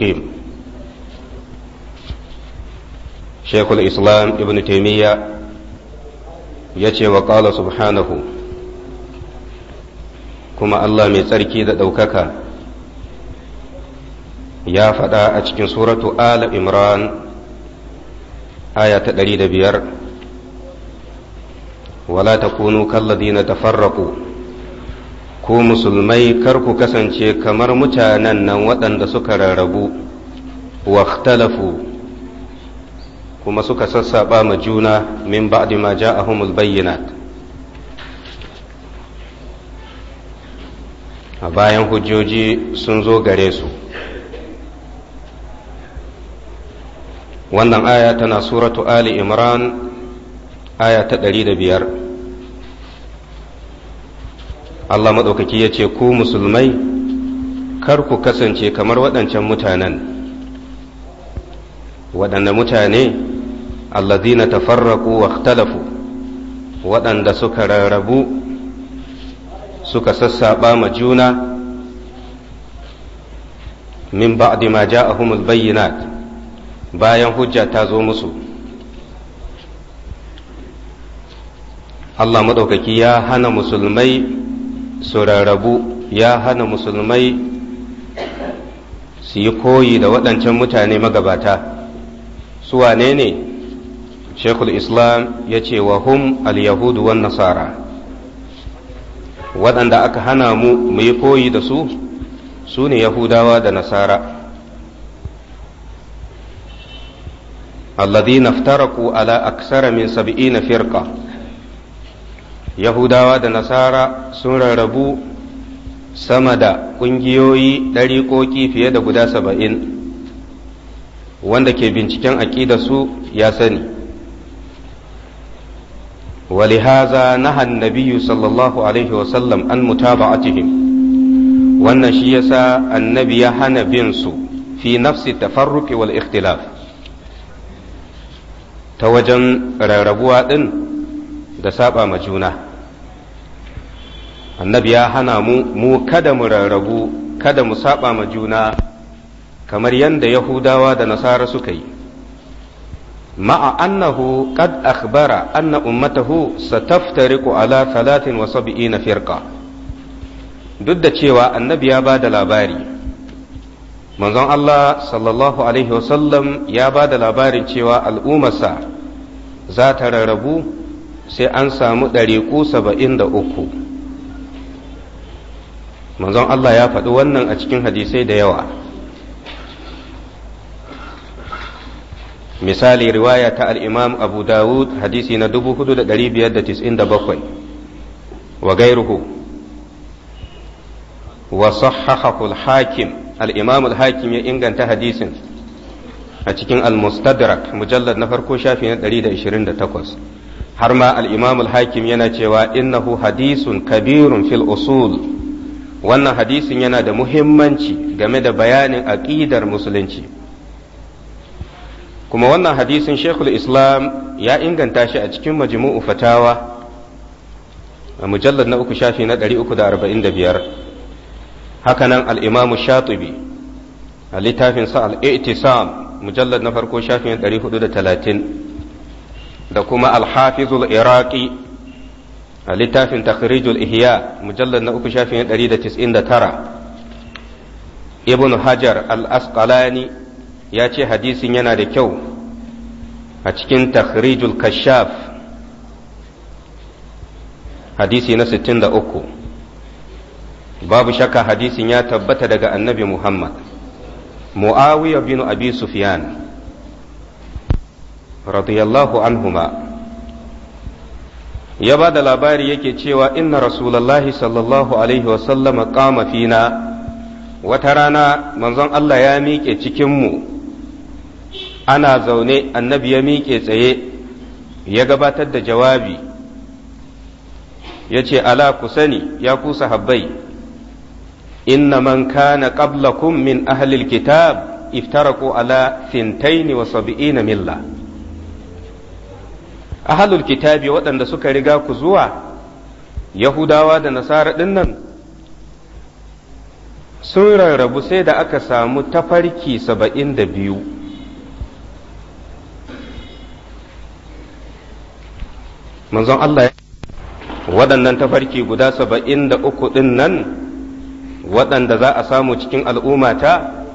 قيم شيخ الإسلام ابن تيمية يتي وقال سبحانه كما الله من تركي دوكك يا فدا أتكن سورة آل إمران آية تدريد بير ولا تكونوا كالذين تفرقوا Ko musulmai kar ku kasance kamar mutanen nan waɗanda suka rarrabu wak-talafu, kuma suka sassaɓa ma juna min ba'di ma ja'ahumul bayyinat a bayan hujjoji sun zo gare su wannan aya tana suratu ali imran aya ta ɗari da biyar Allah maɗaukaki ya ce ku musulmai kar ku kasance kamar waɗancan mutanen waɗanda mutane allazina tafarraku wa ikhtalafu waɗanda suka rarrabu suka sassaɓa ma juna min ba'di ma ja'ahumul bayyinat bayan hujja ta zo musu Allah maɗaukaki ya hana musulmai su rarrabu ya hana musulmai su yi koyi da waɗancan mutane magabata su wane ne shekul islam ya ce wa hum al-yahudu wan nasara waɗanda aka hana mu mu yi koyi da su su ne yahudawa da nasara alladhina iftaraku ala aksara min sab'ina firqa yahudawa da nasara sun rarrabu sama da ƙungiyoyi ɗariƙoƙi fiye da guda saba'in wanda ke binciken su ya sani ولهذا نهى النبي صلى الله عليه وسلم عن wannan shi yasa annabi ya hana bin su fi nafsi tafarruqi wal ikhtilaf ta wajen rarrabuwa din da saba ma juna annabi ya hana mu mu kada mu rarrabu kada mu saba ma juna kamar yadda yahudawa da nasara suka yi ma'a annahu qad akhbara anna ummatahu sataftariqu ala 73 firqa duk da cewa annabi ya ba da labari manzon Allah sallallahu alaihi wasallam ya ba da labarin cewa al'ummarsa za ta rarrabu sai an samu ɗariƙu saba'in da uku manzon Allah ya faɗi wannan a cikin hadisai da yawa misali riwaya ta al'imam abu dawud hadisi na 4,597 wa gairuhu wa sahahakul hakim al'imam al-hakim ya inganta hadisin a cikin al-mustadrak mujallar na farko shafi na 128 har ma al'imamul al-hakim yana cewa innahu hadisun kabirun fil usul wannan hadisin yana da muhimmanci game da bayanin aƙidar musulunci kuma wannan hadisin shekul islam ya inganta shi a cikin majmu'u fatawa a mujallar na uku shafi na 345 hakanan al'imamu shatubi a littafinsa al'i'tisam mujallar na farko shafi na 430 da kuma alhafizul iraqi a littafin takhrijul ihya mujallar na uku shafin 199 ibn hajar al-asqalani ya ce hadisin yana da kyau a cikin takhrijul kashaf hadisi na 63 babu shakka hadisin ya tabbata daga annabi Muhammad Muawiya bin Abi Sufyan radiyallahu anhuma ya ba da labari yake cewa inna rasulallahi sallallahu alaihi wasallama kama fina wata rana manzon Allah ya miƙe cikinmu ana zaune annabi ya miƙe tsaye ya gabatar da jawabi ya ce ala ku sani ya ku sahabbai inna man kana qablakum min ahlil kitab iftaraku ala sintaini wa sab'ina milla ahalul kitabi waɗanda suka riga ku zuwa yahudawa da nasara ɗinnan sun rarrabu sai da aka samu tafarki saba'in da biyu manzon Allah waɗannan tafarki guda saba'in da uku ɗin waɗanda za a samu cikin al'ummata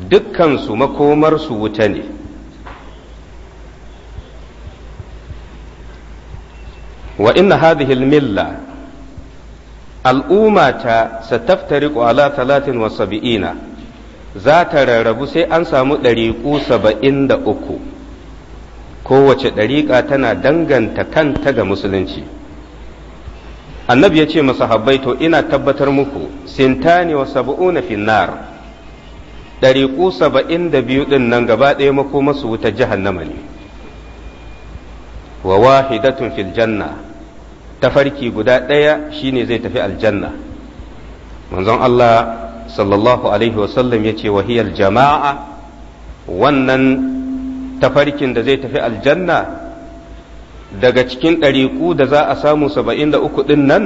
dukkansu makomarsu wuta ne wa inna hadhihi al-milla al'umma ta sataftariqu ala 73 za ta rarrabu sai an samu 173 kowace ɗariƙa tana danganta kanta ga musulunci annabi ya ce masahabbai to ina tabbatar muku sintani wa saba'una finnar ɗariƙu saba'in da biyu ɗin nan gaba ɗaya mako masu wuta jahannama ne wa wahidatun fil janna tafarki guda ɗaya shine zai tafi aljanna manzon Allah sallallahu alaihi wasallam ya ce wahiyar jama'a wannan tafarkin da zai tafi aljanna daga cikin ɗariƙu da za a samu saba'in da uku ɗin nan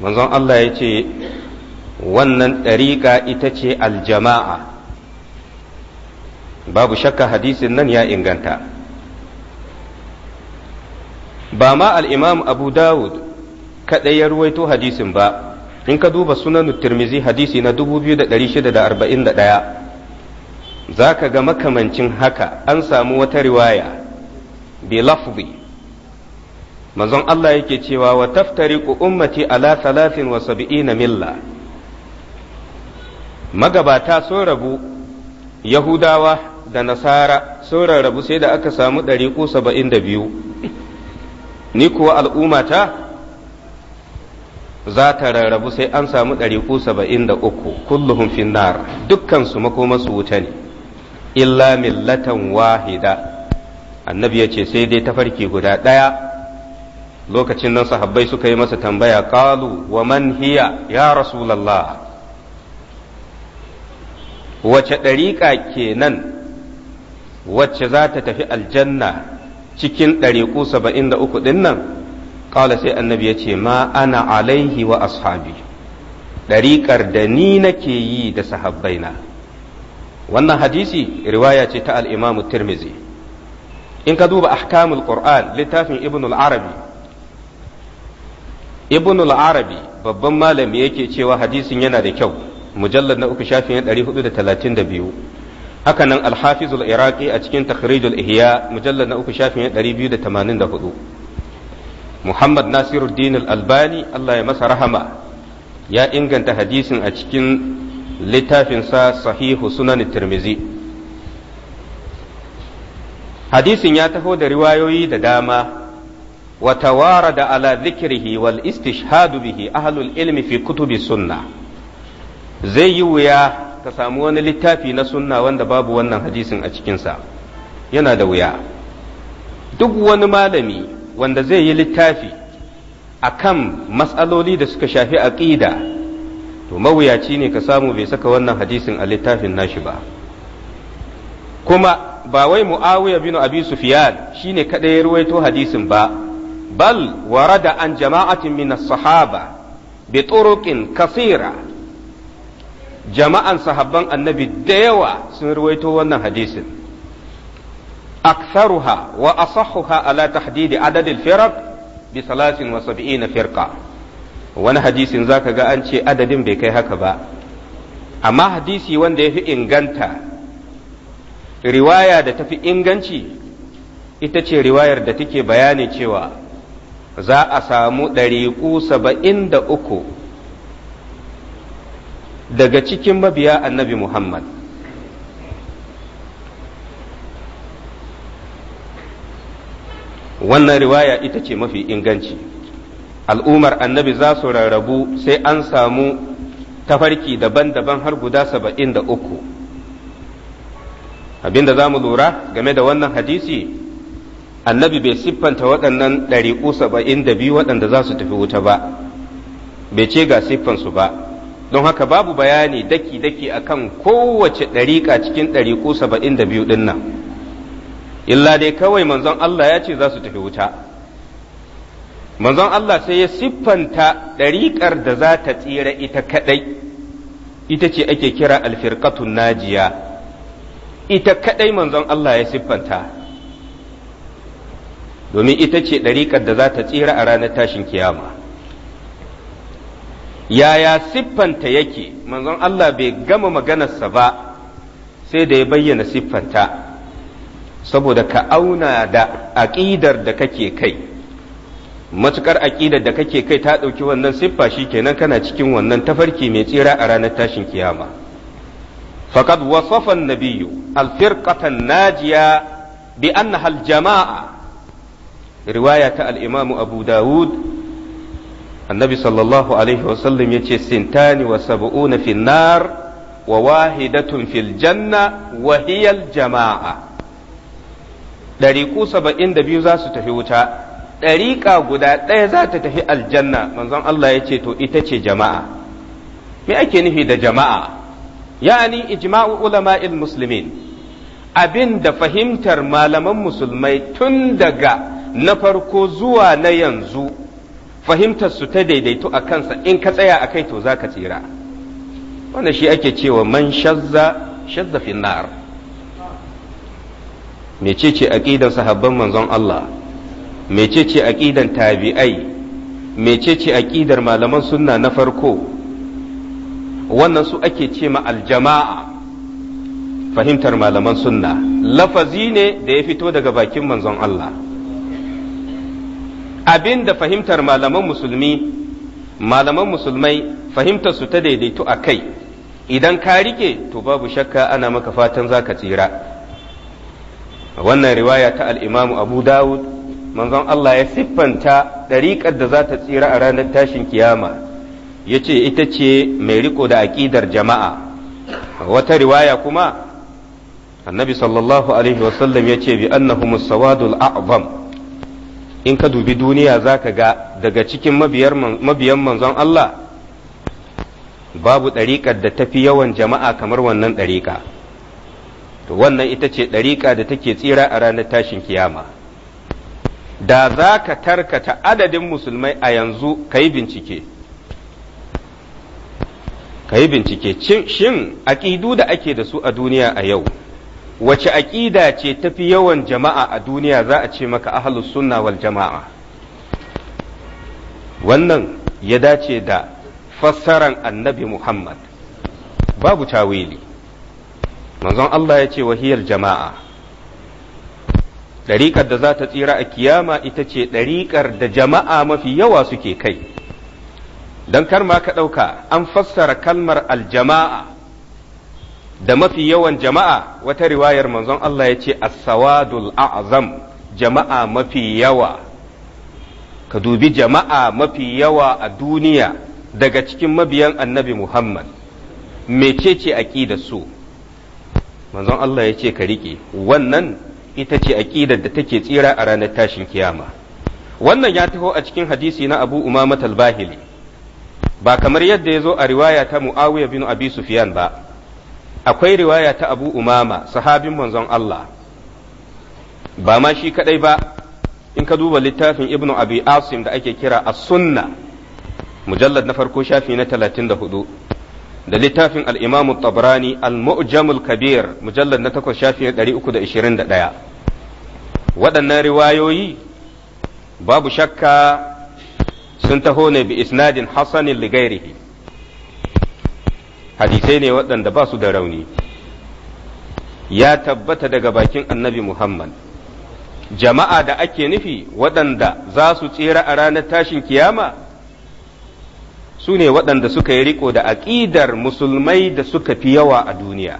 manzon Allah ya ce wannan ɗariƙa ita ce aljama'a babu shakka hadisin nan ya inganta ba ma Al'imam abu dawud kadai ya ruwaito hadisin ba in ka duba sunan turmizi hadisi na 2641 za ka ga makamancin haka an samu wata riwaya bi lafzi manzon Allah yake cewa wa taftari ku ummati ala na milla magabata sun rabu yahudawa da nasara sun rarrabu sai da aka samu ɗariƙu saba'in da biyu ni kuwa al'ummata za ta rarrabu sai an samu ɗariƙu saba'in da uku kulluhun finnar dukkansu makomasu wuta ne illa millatan wahida annabi ya ce sai dai tafarki guda ɗaya lokacin nan sahabbai suka yi masa tambaya Kalu wa man hiya ya rasulallah wace ɗariƙa kenan wacce za ta tafi aljanna cikin ɗariƙu saba'in da uku ɗin nan ƙala sai annabi ya ce ma ana alaihi wa ashabi ɗariƙar da ni nake yi da sahabbai na wannan hadisi riwaya ce ta al'imamu tirmizi in ka duba ahkamul qur'an littafin ibn arabi ibn arabi babban malami yake cewa hadisin yana da kyau mujallar na uku shafin 432 haka nan alhafizul iraqi a cikin takhrijul ihya mujallar na uku shafin 284 muhammad nasiruddin albani allah ya masa rahama ya inganta hadisin a cikin littafinsa sahihu sunan tirmizi hadisin ya taho da riwayoyi da dama wa tawarada ala zikirihi wal istishhadu bihi ahlul ilmi fi kutubi sunna zai yi wuya ka samu wani littafi na sunna wanda babu wannan hadisin a cikinsa yana da wuya duk wani malami wanda zai yi littafi a kan matsaloli da suka shafi aƙida to mawuyaci ne ka samu bai saka wannan hadisin a littafin nashi ba kuma ba wai mu'awiya bin abi sufyan shine kada ya ruwaito hadisin ba bal warada an jama'atin min as-sahaba bi turuqin kasira jama'an sahabban annabi da yawa sun ruwaito wannan hadisin aktharuha wa asahhuha ala tahdidi adad al-firaq bi 73 firqa wani hadisin zaka ga an ce adadin bai kai haka ba amma hadisi wanda yafi inganta riwaya da tafi inganci ita ce riwayar da take bayani cewa za a samu ɗariƙu saba'in da uku daga cikin mabiya annabi Muhammad wannan riwaya ita ce mafi inganci Al'ummar annabi za su rarrabu sai an samu tafarki daban-daban har guda saba'in da uku abinda za mu lura game da wannan hadisi annabi bai siffanta waɗannan ɗari'u saba'in da biyu waɗanda za su tafi wuta ba bai ce ga siffansu ba don haka babu bayani daki-daki akan kowace ɗariƙa cikin ɗariƙu saba'in da biyu ɗin nan illa dai kawai manzon Allah ya ce za su tafi wuta manzon Allah sai ya siffanta ɗariƙar da za ta tsira ita kaɗai ita ce ake kira alfirƙatun najiya ita kaɗai manzon Allah ya siffanta domin ita ce ɗariƙar da za ta tsira a ranar tashin kiyama yaya siffanta yake manzon Allah bai gama maganarsa ba sai da ya bayyana siffanta saboda ka auna da aƙidar da kake kai matukar aƙidar da kake kai ta ɗauki wannan siffa shi kenan kana cikin wannan tafarki mai tsira a ranar tashin kiyama faqad wasafa an-nabiyyu al-firqata najiya bi annaha al-jama'a riwaya ta al-imamu abu dawud annabi sallallahu alaihi wasallam ya ce sintani wa sab'una fi nar wa wahidatun fil janna wa hiyal jama'a ɗariƙu saba'in da biyu za su tafi wuta ɗariƙa guda ɗaya za ta tafi aljanna manzon Allah ya ce to ita ce jama'a me ake nufi da jama'a yani ijma'u ulama'il muslimin abin da fahimtar malaman musulmai tun daga na farko zuwa na yanzu fahimtar su ta daidaitu a kansa in ka tsaya a kai to za ka tsira wanda shi ake cewa man shazza shazza fi nar mecece aqidan sahabban manzon Allah mecece aqidan tabi'ai mecece aqidar malaman sunna na farko wannan su ake ce ma aljama'a fahimtar malaman sunna lafazi ne da ya fito daga bakin manzon Allah abin da fahimtar malaman musulmi malaman musulmai fahimtar su ta daidaitu a kai idan ka rike to babu shakka ana maka fatan zaka tsira wannan riwaya ta al'imamu abu dawud manzon Allah ya siffanta ɗariƙar da za ta tsira a ranar tashin kiyama ya ce ita ce mai riko da aƙidar jama'a wata riwaya kuma annabi sallallahu alaihi wasallam ya ce bi annahu musawadul a'zam in ka dubi duniya za ka ga daga cikin mabiyan manzon Allah babu ɗariƙar da tafi yawan jama'a kamar wannan ɗariƙa to wannan ita ce ɗariƙa da take tsira a ranar tashin kiyama da za ka tarkata adadin musulmai a yanzu ka yi bincike ka yi bincike shin aƙidu da ake da su a duniya a yau wace aƙida ce tafi yawan jama'a a duniya za a ce maka ahlus sunna wal jama'a wannan ya dace da fassaran annabi Muhammad babu tawili manzon Allah ya ce wahiyar jama'a ɗariƙar da za ta tsira a kiyama ita ce ɗariƙar da jama'a mafi yawa suke kai don kar ma ka ɗauka an fassara kalmar aljama'a da mafi yawan jama'a wata riwayar manzon Allah ya ce as-sawadul a'zam jama'a mafi yawa ka dubi jama'a mafi yawa a duniya daga cikin mabiyan annabi Muhammad ce aqidar su manzon Allah ya ce ka rike wannan ita ce aqidar da take tsira a ranar tashin kiyama wannan ya taho a cikin hadisi na Abu Umama talbahili ba kamar yadda ya zo a riwaya ta Muawiya bin Abi Sufyan ba akwai riwaya ta abu umama sahabin manzon Allah ba ma shi kadai ba in ka duba littafin ibnu abi asim da ake kira as-sunna mujallad na farko shafi na 34 da littafin al-imam tabrani al-mu'jam al-kabir mujallad na 8 shafi na 321 waɗannan riwayoyi babu shakka sun taho ne bi isnadin hasanin hadisai ne waɗanda ba su da rauni ya tabbata daga bakin annabi Muhammad jama'a da ake nufi waɗanda za su tsira a ranar tashin kiyama su ne waɗanda suka yi riko da aƙidar musulmai da suka fi yawa a duniya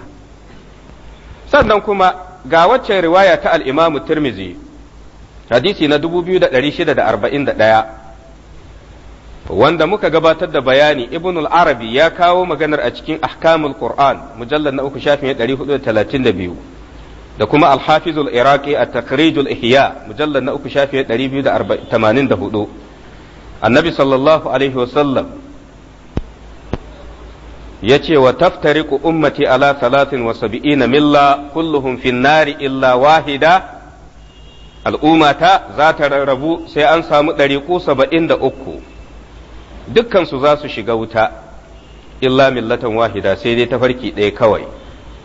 sannan kuma ga waccan riwaya ta al'imamu Turmizi, hadisi na 2641 wanda muka gabatar da bayani ibn al-arabi ya kawo maganar a cikin ahkamul qur'an mujallar na uku shafin hudu da talatin da kuma al-hafiz al-iraqi a takhrij al-ihya mujallar na uku shafin biyu da da tamanin 284 annabi sallallahu alaihi wasallam ya ce wa taftariku ummati ala 73 milla kulluhum fin nari illa wahida al'ummata za ta rarrabu sai an samu ɗariƙu saba'in da uku dukkansu za su shiga wuta illa millatan wahida sai dai tafarki ɗaya kawai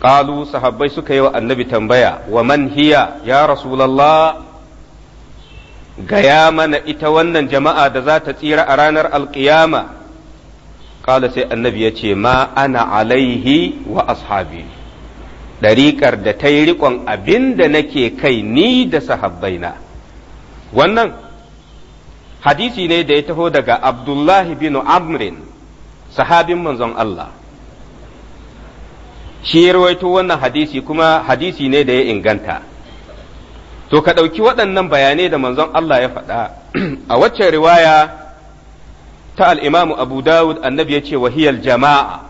qalu sahabbai suka yi wa annabi tambaya wa man hiya ya rasulullah gaya mana ita wannan jama'a da za ta tsira a ranar alƙiyama ƙala sai annabi ya ce ma ana alaihi wa ashabi ɗariƙar da ta yi riƙon abin da nake kai ni da sahabbaina wannan hadisi ne da ya taho daga abdullahi bin amrin sahabin manzon Allah shi ya rawaito wannan hadisi kuma hadisi ne da ya inganta to ka ɗauki waɗannan bayanai da manzon Allah ya faɗa a waccan riwaya ta al'imamu abu dawud annabi ya ce wahiyar jama'a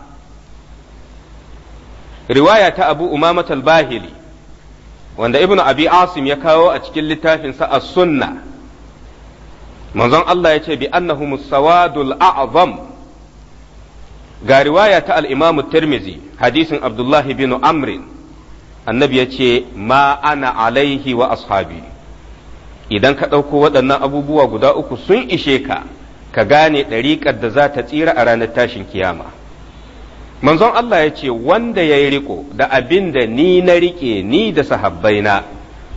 riwaya ta abu umamat al-bahili wanda ibnu abi asim ya kawo a cikin littafinsa as-sunna manzon Allah ya ce bi annahu sawadul a'zam ga riwaya ta al-Imam Tirmizi hadisin Abdullah bin Amr annabi ya ce ma ana alaihi wa ashabi idan ka ɗauko waɗannan abubuwa guda uku sun ishe ka ka gane ɗariƙar da za ta tsira a ranar tashin kiyama manzon Allah ya ce wanda ya yi riko da abin da ni na riƙe ni da sahabbaina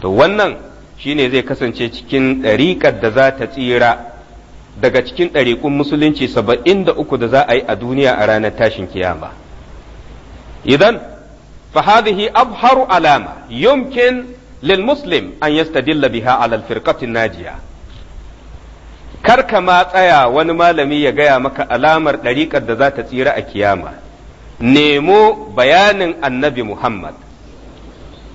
to wannan shine zai kasance cikin ɗariƙar da za ta tsira daga cikin ɗariƙun musulunci saba'in da uku da za a yi a duniya a ranar tashin kiyama idan fa abharu alama yumkin lil muslim an yastadilla biha ala al najiya kar ka ma tsaya wani malami ya gaya maka alamar ɗariƙar da za ta tsira a kiyama nemo bayanin annabi muhammad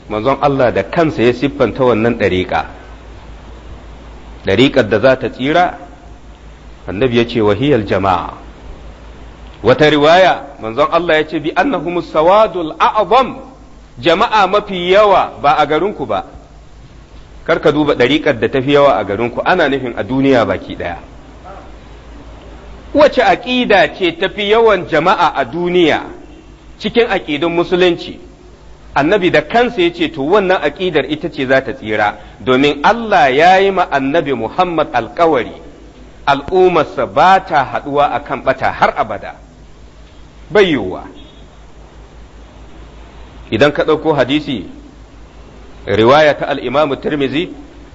manzon Allah da kansa ya siffanta wannan ɗariƙa ɗariƙar da za ta tsira annabi ya ce wahiyar jama'a wata riwaya manzon Allah ya ce bi annahu sawadul a'zam jama'a mafi yawa ba a garinku ba kar ka duba ɗariƙar da tafi yawa a garinku ana nufin a duniya baki ɗaya wace aƙida ce tafi yawan jama'a a duniya cikin aƙidun musulunci annabi da kansa ya ce to wannan aƙidar ita ce za ta tsira domin Allah ya yi ma annabi Muhammad alkawari al'ummarsa ba ta haɗuwa a kan ɓata har abada bai yiwuwa idan ka ɗauko hadisi riwaya ta al'imamu tirmizi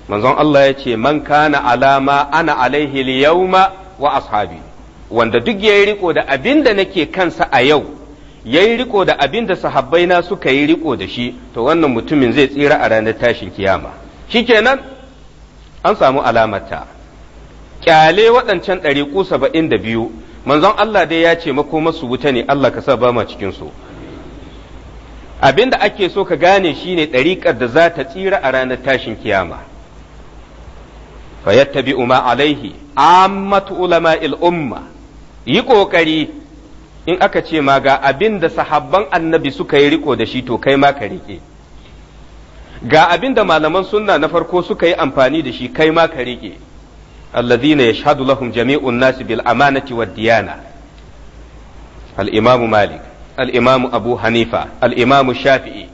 manzon Allah ya ce man kana alama ana alaihi yauma wa ashabi wanda duk ya yi riko da abin da nake kansa a yau yayi riko da abin da sahabbai suka yi riko da shi to wannan mutumin zai tsira a ranar tashin kiyama shikenan an samu alamata kyale waɗancan ku saba'in da biyu manzon Allah dai ya ce makomarsu wuta ne Allah ka sa ba ma cikinsu abin da ake so ka gane shine ɗariƙar da za ta tsira a ranar tashin kiyama fayattabi'u ma alaihi ammatu ulama'il umma yi ƙoƙari in aka ce ma ga abin da sahabban annabi suka yi riko da shi to kai ma ka riƙe ga abin da malaman sunna na farko suka yi amfani da shi kai ma ka riƙe alladhina yashhadu lahum jami'un nas bil amanati wad diyana al imam malik al imam abu hanifa al imam shafi'i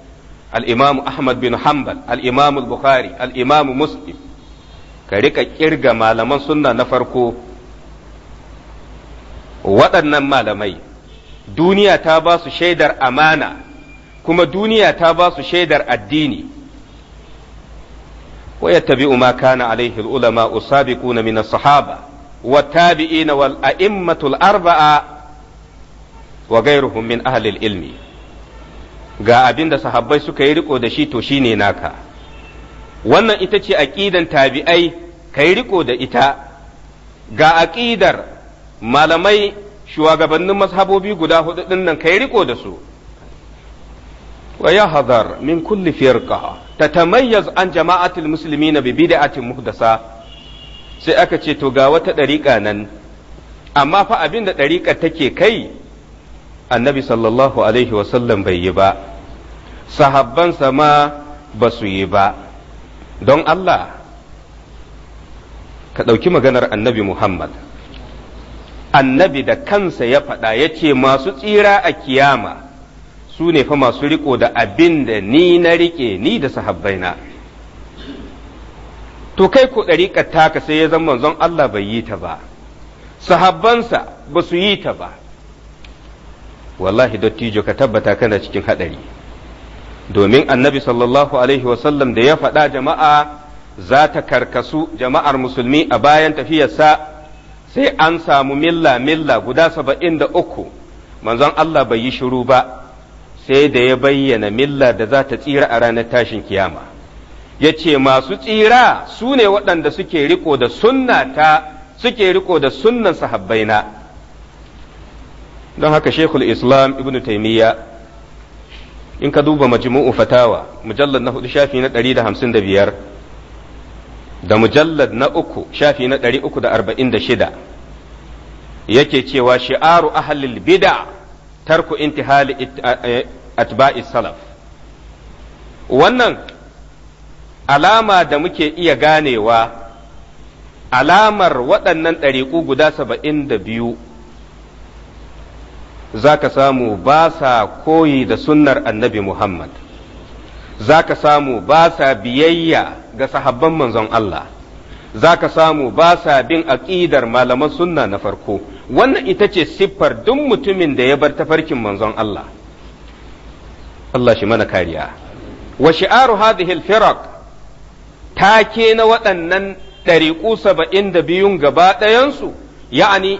al imam ahmad bin hanbal al imam al bukhari al imam muslim ka riƙa kirga malaman sunna na farko waɗannan malamai duniya ta ba su shaidar amana kuma duniya ta ba su shaidar addini ويتبع ما كان عليه العلماء السابقون من الصحابة والتابعين والأئمة الأربعة وغيرهم من أهل العلم ga abinda da sahabbai suka yi riko da shi to shi ne naka wannan ita ce aƙidan tabi'ai ka yi riko da ita ga aƙidar malamai shugabannin mazhabobi guda hudu din nan kai riko da su wa ya hazar min kulli firqa ta tamayyaz an jama'atul muslimina bi bid'atin muhdasa sai aka ce to ga wata ɗariƙa nan amma fa abin da ɗariƙar take kai annabi sallallahu alaihi wa sallam bai yi ba sa ma ba su yi ba don Allah ka ɗauki maganar annabi Muhammad annabi da kansa ya faɗa ya ce masu tsira a kiyama su ne fa masu riko da abin da ni na riƙe ni da sahabbaina to kai ko ɗariƙar taka sai ya zama manzon Allah bai yi ta ba sahabbansa ba su yi ta ba wallahi dattijo ka tabbata kana cikin haɗari domin annabi sallallahu alaihi wasallam da ya faɗa jama'a za ta karkasu jama'ar musulmi a bayan tafiyarsa sai an samu milla milla guda saba'in da uku manzon Allah bai yi shiru ba sai da ya bayyana milla da za ta tsira a ranar tashin kiyama ya ce masu tsira su ne waɗanda suke riko da sunna ta suke riko da sunnan sahabbaina don haka shekul islam ibn taimiyya in ka duba majmu'u fatawa mujallar na hudu shafi na ɗari da hamsin da biyar da mujallad na uku shafi na ɗari uku da arba'in da shida yake cewa shi'aru ahalil bida tarku intihali atba'i salaf wannan alama da muke iya ganewa alamar waɗannan ɗariƙu guda saba'in da biyu za ka samu ba sa koyi da sunnar annabi muhammad za ka samu ba sa biyayya ga sahabban manzon Allah za ka samu ba sa bin aƙidar malaman sunna na farko wannan ita ce siffar duk mutumin da ya bar tafarkin manzon Allah Allah shi mana kariya wa shi'aru hadhihi al take na waɗannan ɗariƙu saba'in da biyun gaba ɗayansu ya'ani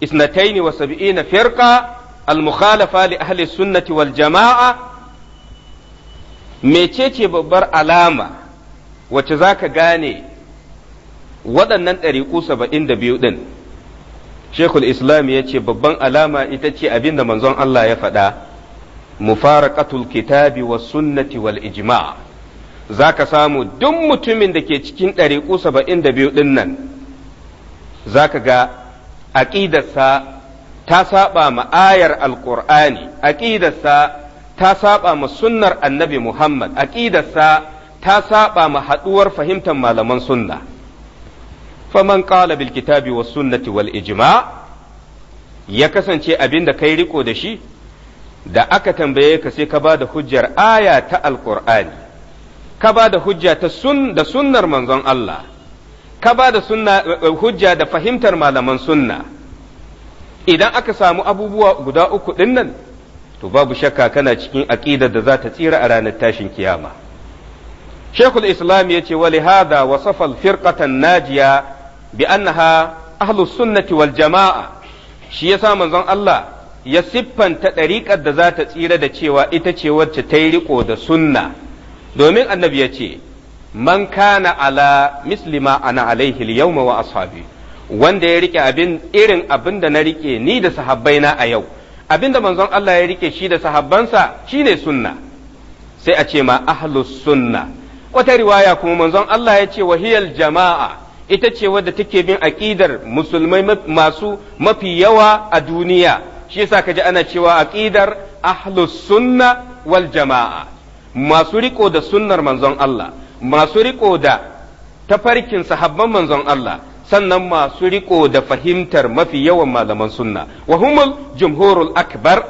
isnataini wa sab'ina firqa al-mukhalafa li ahli sunnati wal jama'a mecece babbar alama wacce za ka gane waɗannan ɗariƙu saba'in da biyu ɗin shekul islam ya ce babban alama ita ce abin da manzon Allah ya faɗa mu fara mufaraqatul kitabi wa sunnati wal ijma'a za ka samu duk mutumin da ke cikin ɗariƙu saba'in da biyu ɗin nan za ka ga aƙidarsa ta saɓa ma ayar alƙur'ani aƙidarsa ta saba ma sunnar annabi Muhammad aqidarsa ta saba ma haɗuwar fahimtar malaman sunna faman ƙala bil kitabi was sunnati wal ijima ya kasance abin da kai riko da shi da aka tambaye ka sai ka ba da hujjar aya ta Alƙur'ani, ka ba da hujja ta sun da sunnar manzon Allah ka ba da eh, hujja da fahimtar malaman sunna idan aka samu abubuwa guda uku nan. to babu shakka kana cikin aqidar da za ta tsira a ranar tashin kiyama shekul islam ya ce wali hada wasafa firqatan najiya bi annaha ahlu sunnati wal jama'a shi yasa manzon Allah ya siffanta ɗariƙar da za ta tsira da cewa ita ce wacce ta yi riƙo da sunna domin annabi ya ce man kana ala mislima ana alaihi yawma wa ashabi wanda ya rike abin irin abin da na rike ni da sahabbaina a yau abinda manzon Allah ya rike shi da sahabbansa shine sunna sai a ce ma ahlus sunna wata riwaya kuma manzon Allah ya ce wahiyal jama'a ita ce wadda take bin aqidar musulmai masu mafi yawa a duniya shi yasa kaji ana cewa aqidar ahlus sunna wal jama'a masu riko da sunnar manzon Allah masu riko da tafarkin sahabban manzon Allah sannan masu riko da fahimtar mafi yawan malaman sunna wa humul jumhurul akbar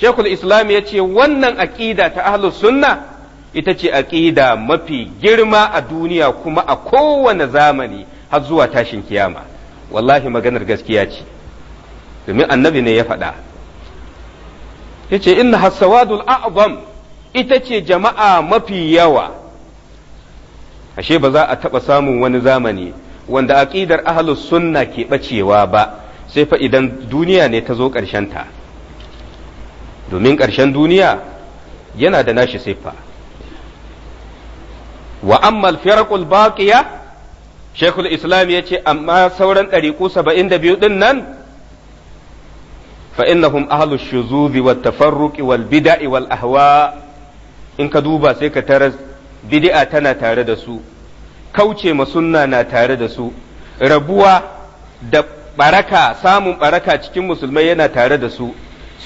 shekul islam ya ce wannan aƙida ta ahlus sunna ita ce aƙida mafi girma a duniya kuma a kowane zamani har zuwa tashin kiyama wallahi maganar gaskiya ce domin annabi ne ya faɗa ya ce inna hassawadul a'zam ita ce jama'a mafi yawa ashe ba za a taɓa samun wani zamani wanda aƙidar ahlus sunna ke bacewa ba sai fa idan duniya ne ta zo ta domin ƙarshen duniya yana da nashi siffa wa ammal firaqul baqiya shekul islam ya ce amma sauran ɗariƙu saba'in da biyu ɗin nan fa innahum ahlu shuzuzi wat tafarruqi wal bida'i wal ahwa in ka duba sai ka taras bid'a tana tare da su kauce ma sunna na tare da su rabuwa da baraka samun baraka cikin musulmai yana tare da su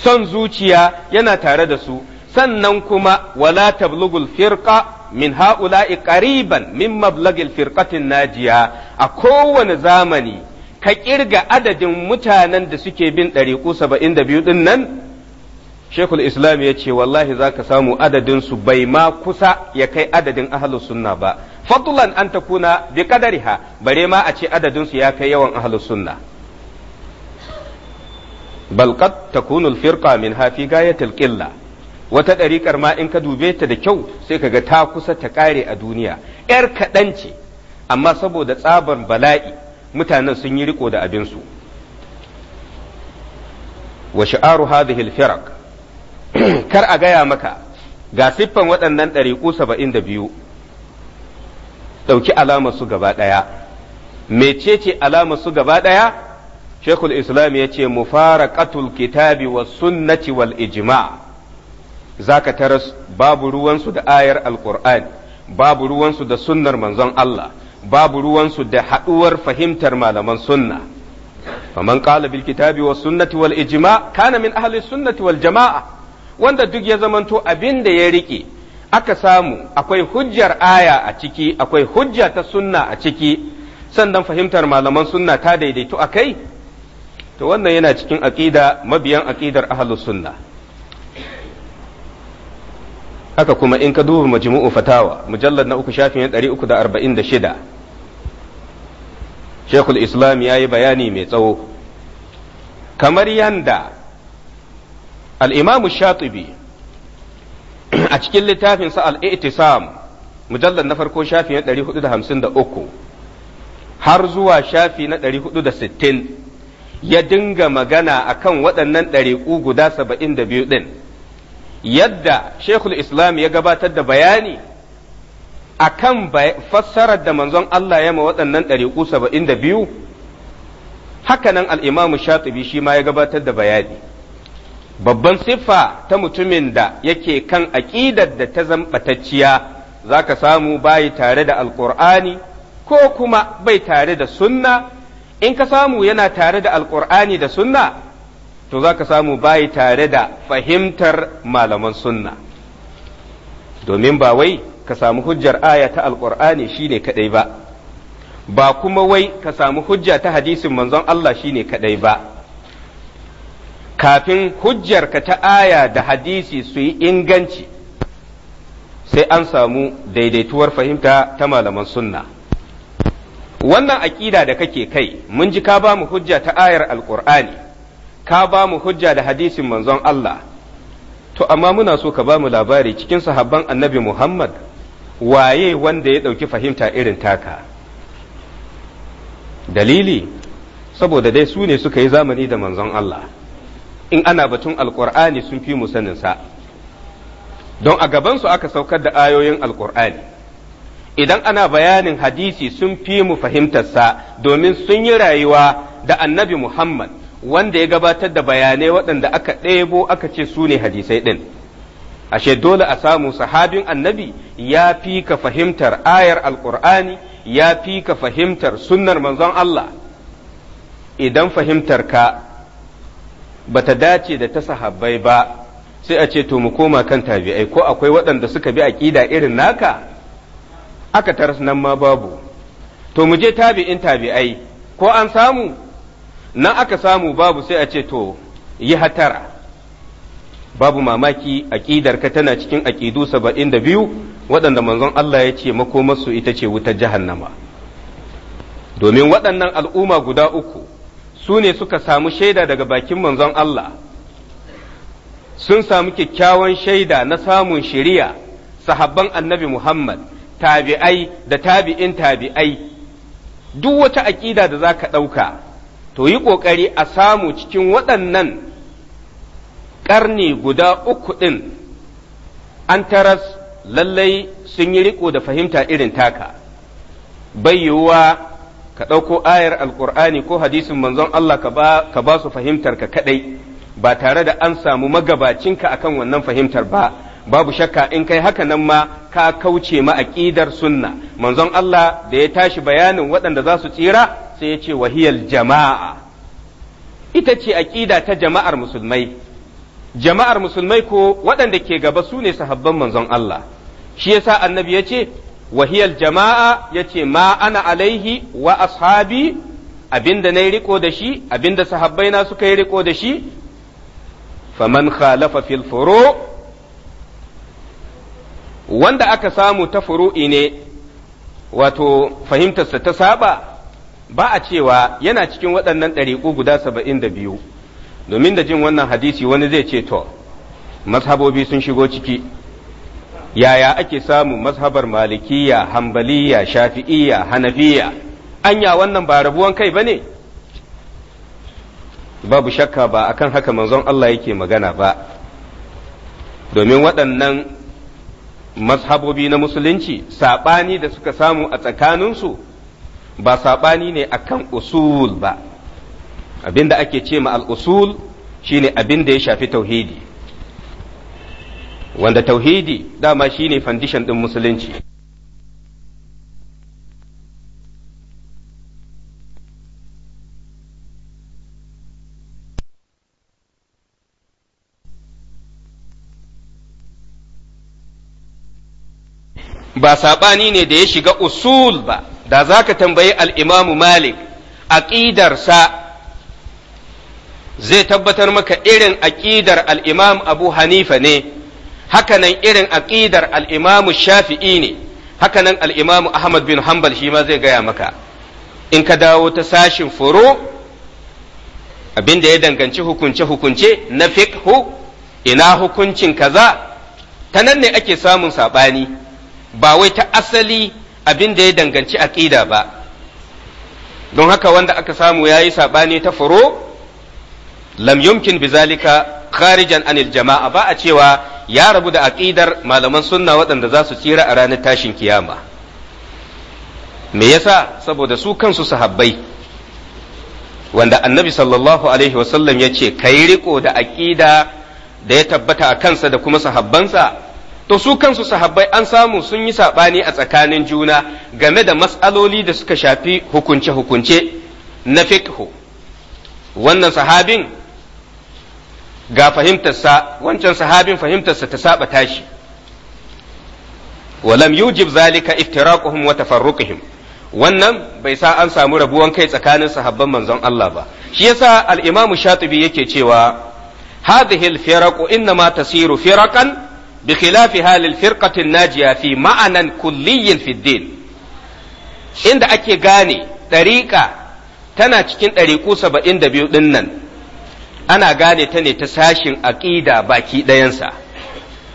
son zuciya yana tare da su sannan kuma wala tablugul firqa min ha'ula'i qariban min mablagil firqatin najiya a kowane zamani ka kirga adadin mutanen da suke bin 172 din nan shekul islam ya ce wallahi za ka samu adadin su bai ma kusa ya kai adadin ahlus sunna ba fadlan an ta kuna bi kadariha bare ma a ce adadin su ya kai yawan ahlus sunna bal qad takunu al firqa min ha fi gayatil qilla wata ɗariƙar ma in ka dube ta da kyau sai ka ga ta kusa ta ƙare a duniya ‘yar kaɗan ce amma saboda tsabar bala'i mutanen sun yi riko da abinsu wa sha'aru hadhihi al-firaq kar a gaya maka ga siffan waɗannan ɗariƙu saba'in da biyu ɗauki alama su gaba ɗaya mecece alama su gaba ɗaya shekul islam ya ce mu fara ƙatul kitabi wa sunnati wal ijma za ka taras babu ruwansu da ayar alƙur'ani babu ruwansu da sunnar manzon Allah babu ruwansu da haɗuwar fahimtar malaman sunna faman qala bil kitabi wa sunnati wal ijma kana min ahli sunnati wal jama'a wanda duk ya zamanto abin da ya rike aka samu akwai hujjar aya a ciki akwai hujja ta sunna a ciki sannan fahimtar malaman sunna ta daidaito a kai to wannan yana cikin aqida mabiyan aƙidar ahlus sunna haka kuma in ka duba majmu'u fatawa mujallad na uku shafin 346 shekul islam ya yi bayani mai tsawo kamar yanda al'imamu shatibi a cikin littafinsa al'i'tisam mujallar na farko shafi na 453 har zuwa shafi na 460 ya dinga magana akan waɗannan ɗariƙu guda 72 ɗin yadda shekul islam ya gabatar da bayani akan fassarar da manzon Allah ya ma waɗannan ɗariƙu 72 hakanan al'imamu shatibi shi ma ya gabatar da bayani. babban siffa ta mutumin da yake kan aƙidar da ta zambatacciya za ka samu bayi tare da alƙur'ani ko kuma bai tare da sunna in ka samu yana tare da alƙur'ani da sunna to za ka samu bayi tare da fahimtar malaman sunna domin ba wai ka samu hujjar aya ta alƙur'ani shine kaɗai ba ba kuma wai ka samu hujja ta hadisin manzon Allah shine kaɗai ba kafin hujjarka ta aya da hadisi su yi inganci sai an samu daidaituwar fahimta ta malaman sunna wannan aƙida da kake kai mun ji ka ba mu hujja ta ayar alƙur'ani ka ba mu hujja da hadisin manzon Allah to amma muna so ka ba mu labari cikin sahabban annabi Muhammad waye wanda ya ɗauki fahimta irin taka dalili saboda dai su ne suka yi zamani da manzon Allah in ana batun alkur'ani sun fi mu saninsa don a gabansu aka saukar da ayoyin alkur'ani idan ana bayanin hadisi sun fi mu fahimtarsa domin sun yi rayuwa da annabi muhammad wanda ya gabatar da bayanai waɗanda aka ɗebo aka ce su ne hadisai ɗin ashe dole a samu sahabin annabi ya fi ka fahimtar ayar alkur'ani ya fi ka fahimtar sunnar manzon allah idan fahimtar ka Ba ta dace da ta sahabbai ba sai a ce to mu koma kan tabi'ai ko akwai waɗanda suka bi aƙida irin naka aka taras nan ma babu to mu je tabi'in tabi'ai ko an samu nan aka samu babu sai a ce to yi hatara babu mamaki aƙidar ka tana cikin aƙidu saba'in da biyu waɗanda manzon Allah ya ce makomarsu ita ce wutar jahannama domin waɗannan al'umma guda uku su ne suka samu shaida daga bakin manzon Allah sun samu kyakkyawan shaida na samun shiriya sahabban annabi Muhammad tabi'ai da tabi'in tabi'ai duk wata aƙida da za ka ɗauka to yi ƙoƙari a samu cikin waɗannan ƙarni guda uku ɗin an taras lallai sun yi riƙo da fahimta irin taka bai ka ɗauko ayar Alƙur'ani ko hadisin manzon Allah ka ba su fahimtar ka kaɗai ba tare da an samu magabacinka akan wannan fahimtar ba babu shakka in kai haka nan ma ka kauce ma aqidar sunna manzon Allah da ya tashi bayanin waɗanda za su tsira sai ya ce wahiyal jama'a ita ce aqida ta jama'ar musulmai jama'ar musulmai ko waɗanda ke gaba su ne sahabban manzon Allah shi yasa annabi ya ce wahiyal jama'a yace ma ana alaihi wa ashabi abinda nayi riko da shi abinda sahabbai na suka yi riko da shi faman khalafa fil furu wanda aka samu ta furu'i ne wato fahimtarsa ta saɓa ba'a cewa yana cikin waɗannan ɗariƙu guda saba'in da biyu domin da jin wannan hadisi wani zai ce to mazhabobi sun shigo ciki yaya ake samun mazhabar malikiya hambaliya shafi'iya hanafiya anya wannan ba rabuwan kai ba ne babu shakka ba akan haka manzon Allah yake magana ba domin waɗannan mazhabobi na musulunci saɓani da suka samu a tsakaninsu ba saɓani ne akan usul ba abinda ake ce ma usul shine abin da ya shafi tauhidi wanda tauhidi dama shine foundation din musulunci ba saɓani ne da ya shiga usul ba da za ka tambayi al'imamu malik aƙidarsa zai tabbatar maka irin aƙidar al'imam abu hanifa ne hakanan irin aqidar al'imamu shafi'i ne hakanan nan imamu ahmad bin hanbal shi ma zai gaya maka in ka dawo ta sashin furo abin da ya danganci hukunce-hukunce na fiqhu ina hukuncin kaza ta nan ne ake samun saɓani ba wai ta asali abin da ya danganci aƙida ba don haka wanda aka samu ya yi saɓani ta furo lam yumkin bizalika kharijan anil jama'a ba a cewa ya rabu da aƙidar malaman sunna waɗanda za su tsira a ranar tashin kiyama me yasa saboda su kansu sahabbai wanda annabi sallallahu alaihi wasallam ya ce kai riko da aƙida da ya tabbata a kansa da kuma sahabbansa to su kansu sahabbai an samu sun yi saɓani a tsakanin juna game da matsaloli da suka shafi hukunce-hukunce na fiqhu wannan sahabin ga fahimtarsa wancan sahabin fahimtarsa ta saba tashi walam yujib zalika iftiraquhum wa tafarruquhum wannan bai sa an samu rabuwan kai tsakanin sahabban manzon Allah ba shi yasa al-imam shatibi yake cewa hadhihi al-firaq innama tasiru firaqan bi khilafiha lil firqati an-najiya fi ma'anan kulliyyin fi din inda ake gane dariqa tana cikin ɗariƙu saba'in da biyu ana gane ta ne ta sashin aƙida baki ɗayansa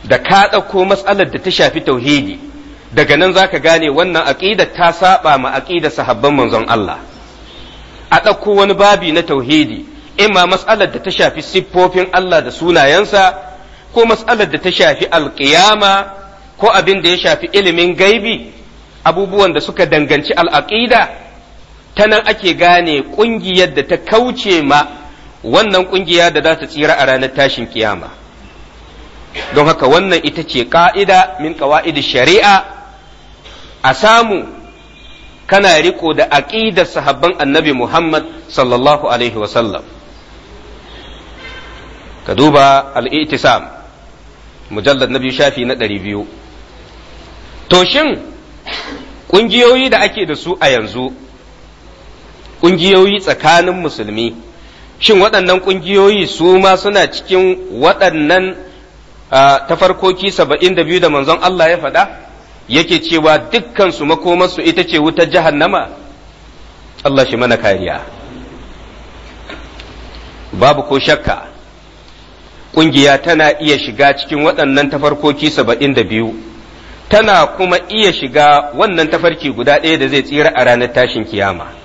da ka ɗauko matsalar da ta shafi tauhidi daga nan za ka gane wannan aƙida ta saba ma aƙida sahabban manzon Allah a ɗauko wani babi na tauhidi imma matsalar da ta shafi siffofin Allah da sunayensa ko matsalar da ta shafi alƙiyama ko abin da ya shafi ilimin gaibi abubuwan da suka danganci al'aqida, ta nan ake gane ƙungiyar da ta kauce ma wannan ƙungiya da za ta tsira a ranar tashin kiyama don haka wannan ita ce ƙa'ida min ƙawa'idin shari'a a samu kana riko da aƙidar sahabban annabi Muhammad sallallahu alaihi wasallam ka duba al'itisam mujallar na biyu shafi na ɗari biyu to shin ƙungiyoyi da ake da su a yanzu ƙungiyoyi tsakanin musulmi shin waɗannan ƙungiyoyi su ma suna cikin waɗannan tafarkoki saba'in da biyu da manzon Allah ya faɗa yake cewa dukkan dukkansu makomarsu ita ce wutar jahannama Allah shi mana kariya babu ko shakka ƙungiya tana iya shiga cikin waɗannan tafarkoki saba'in da biyu tana kuma iya shiga wannan tafarki guda ɗaya da zai tsira a ranar tashin kiyama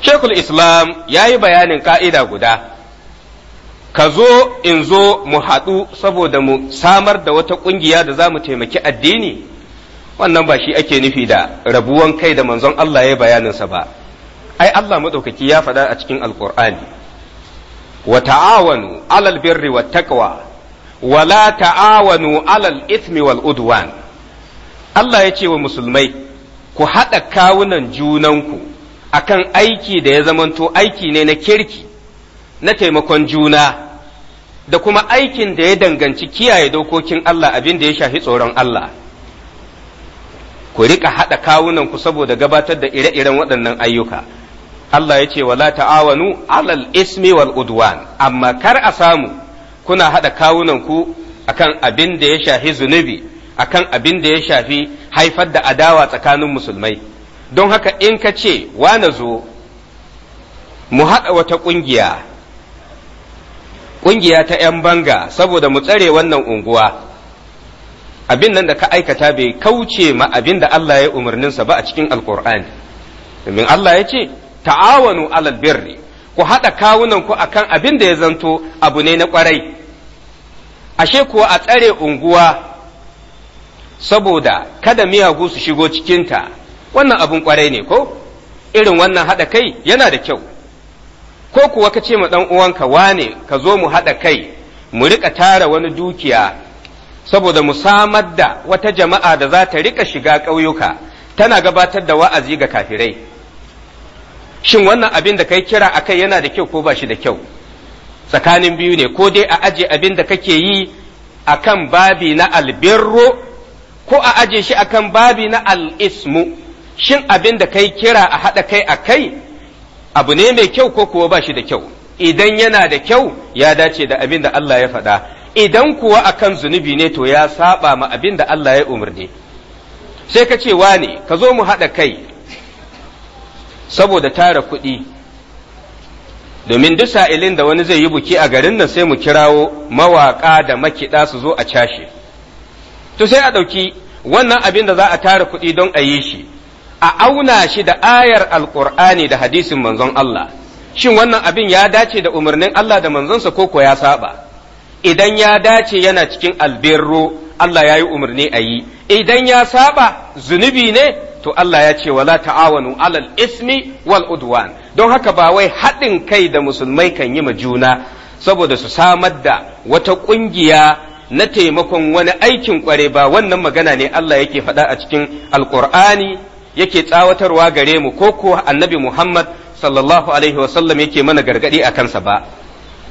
shekul islam ya yi bayanin ka'ida guda ka zo in zo mu haɗu saboda mu samar da wata ƙungiya da za mu taimaki addini wannan ba shi ake nufi da rabuwan kai da manzon Allah ya bayaninsa ba ai Allah maɗaukaki ya faɗa a cikin alƙur'ani wa ta'awanu alal birri wa taqwa wa la ta'awanu alal ithmi wal Allah ya ce wa musulmai ku haɗa kawunan junanku akan aiki da ya zamanto aiki ne na kirki na taimakon juna da kuma aikin da ya danganci kiyaye dokokin Allah abin da ya shafi tsoron Allah ku riƙa haɗa kawunanku saboda gabatar da ire-iren waɗannan ayyuka Allah ya ce wala ta'awanu alal ismi wal udwan amma kar a samu kuna haɗa kawunanku akan abin da ya shafi zunubi akan abin da ya shafi haifar da adawa tsakanin musulmai don haka in ka ce wane zo mu haɗa wata ƙungiya ƙungiya ta 'yan banga saboda mu tsare wannan unguwa abin nan da ka aikata bai kauce ma abin da Allah ya umarninsa ba a cikin alkur'ani domin Allah ya ce ta'awanu alal birri ku haɗa kawunan ku akan abin da ya zanto abu ne na kwarai. ashe kuwa a tsare unguwa saboda kada miyagu su shigo cikinta wannan abun kwarai ne ko irin wannan haɗa kai yana da kyau ko kuwa ka ce ma ɗan uwanka wane ka zo mu haɗa kai mu riƙa tara wani dukiya saboda mu samar da wata jama'a da za ta riƙa shiga ƙauyuka tana gabatar da wa'azi ga kafirai shin wannan abin da kai kira a kai yana da kyau ko ba shi da kyau tsakanin biyu ne ko dai a aje abin da kake yi a kan babi na albirro ko a aje shi a kan babi na Al-Ismu. shin abin da kai kira a haɗa kai a kai abu ne mai kyau ko kuwa ba shi da kyau idan yana da kyau ya dace da abin da Allah ya faɗa idan kuwa a kan zunubi ne to ya saba ma abin da Allah ya umarni sai ka ce wane ka zo mu haɗa kai saboda tara kuɗi domin duk sa'ilin da wani zai yi buki a garin nan sai mu kirawo mawaƙa da makiɗa su zo a cashe to sai a ɗauki wannan abin da za a tara kuɗi don a yi shi a auna shi da ayar alkur'ani da hadisin manzon Allah shin wannan abin ya dace da umarnin Allah da manzonsa ko ko ya saba idan ya dace yana cikin albirru Allah ya yi umarni a yi idan ya saba zunubi ne to Allah ya ce wala ta'awanu alal ismi wal udwan don haka ba wai haɗin kai da musulmai kan yi ma juna saboda su samar da wata ƙungiya na taimakon wani aikin ƙware ba wannan magana ne Allah yake faɗa a cikin alƙur'ani yake tsawatarwa gare mu ko ko annabi Muhammad sallallahu alaihi wasallam yake mana gargadi a kansa ba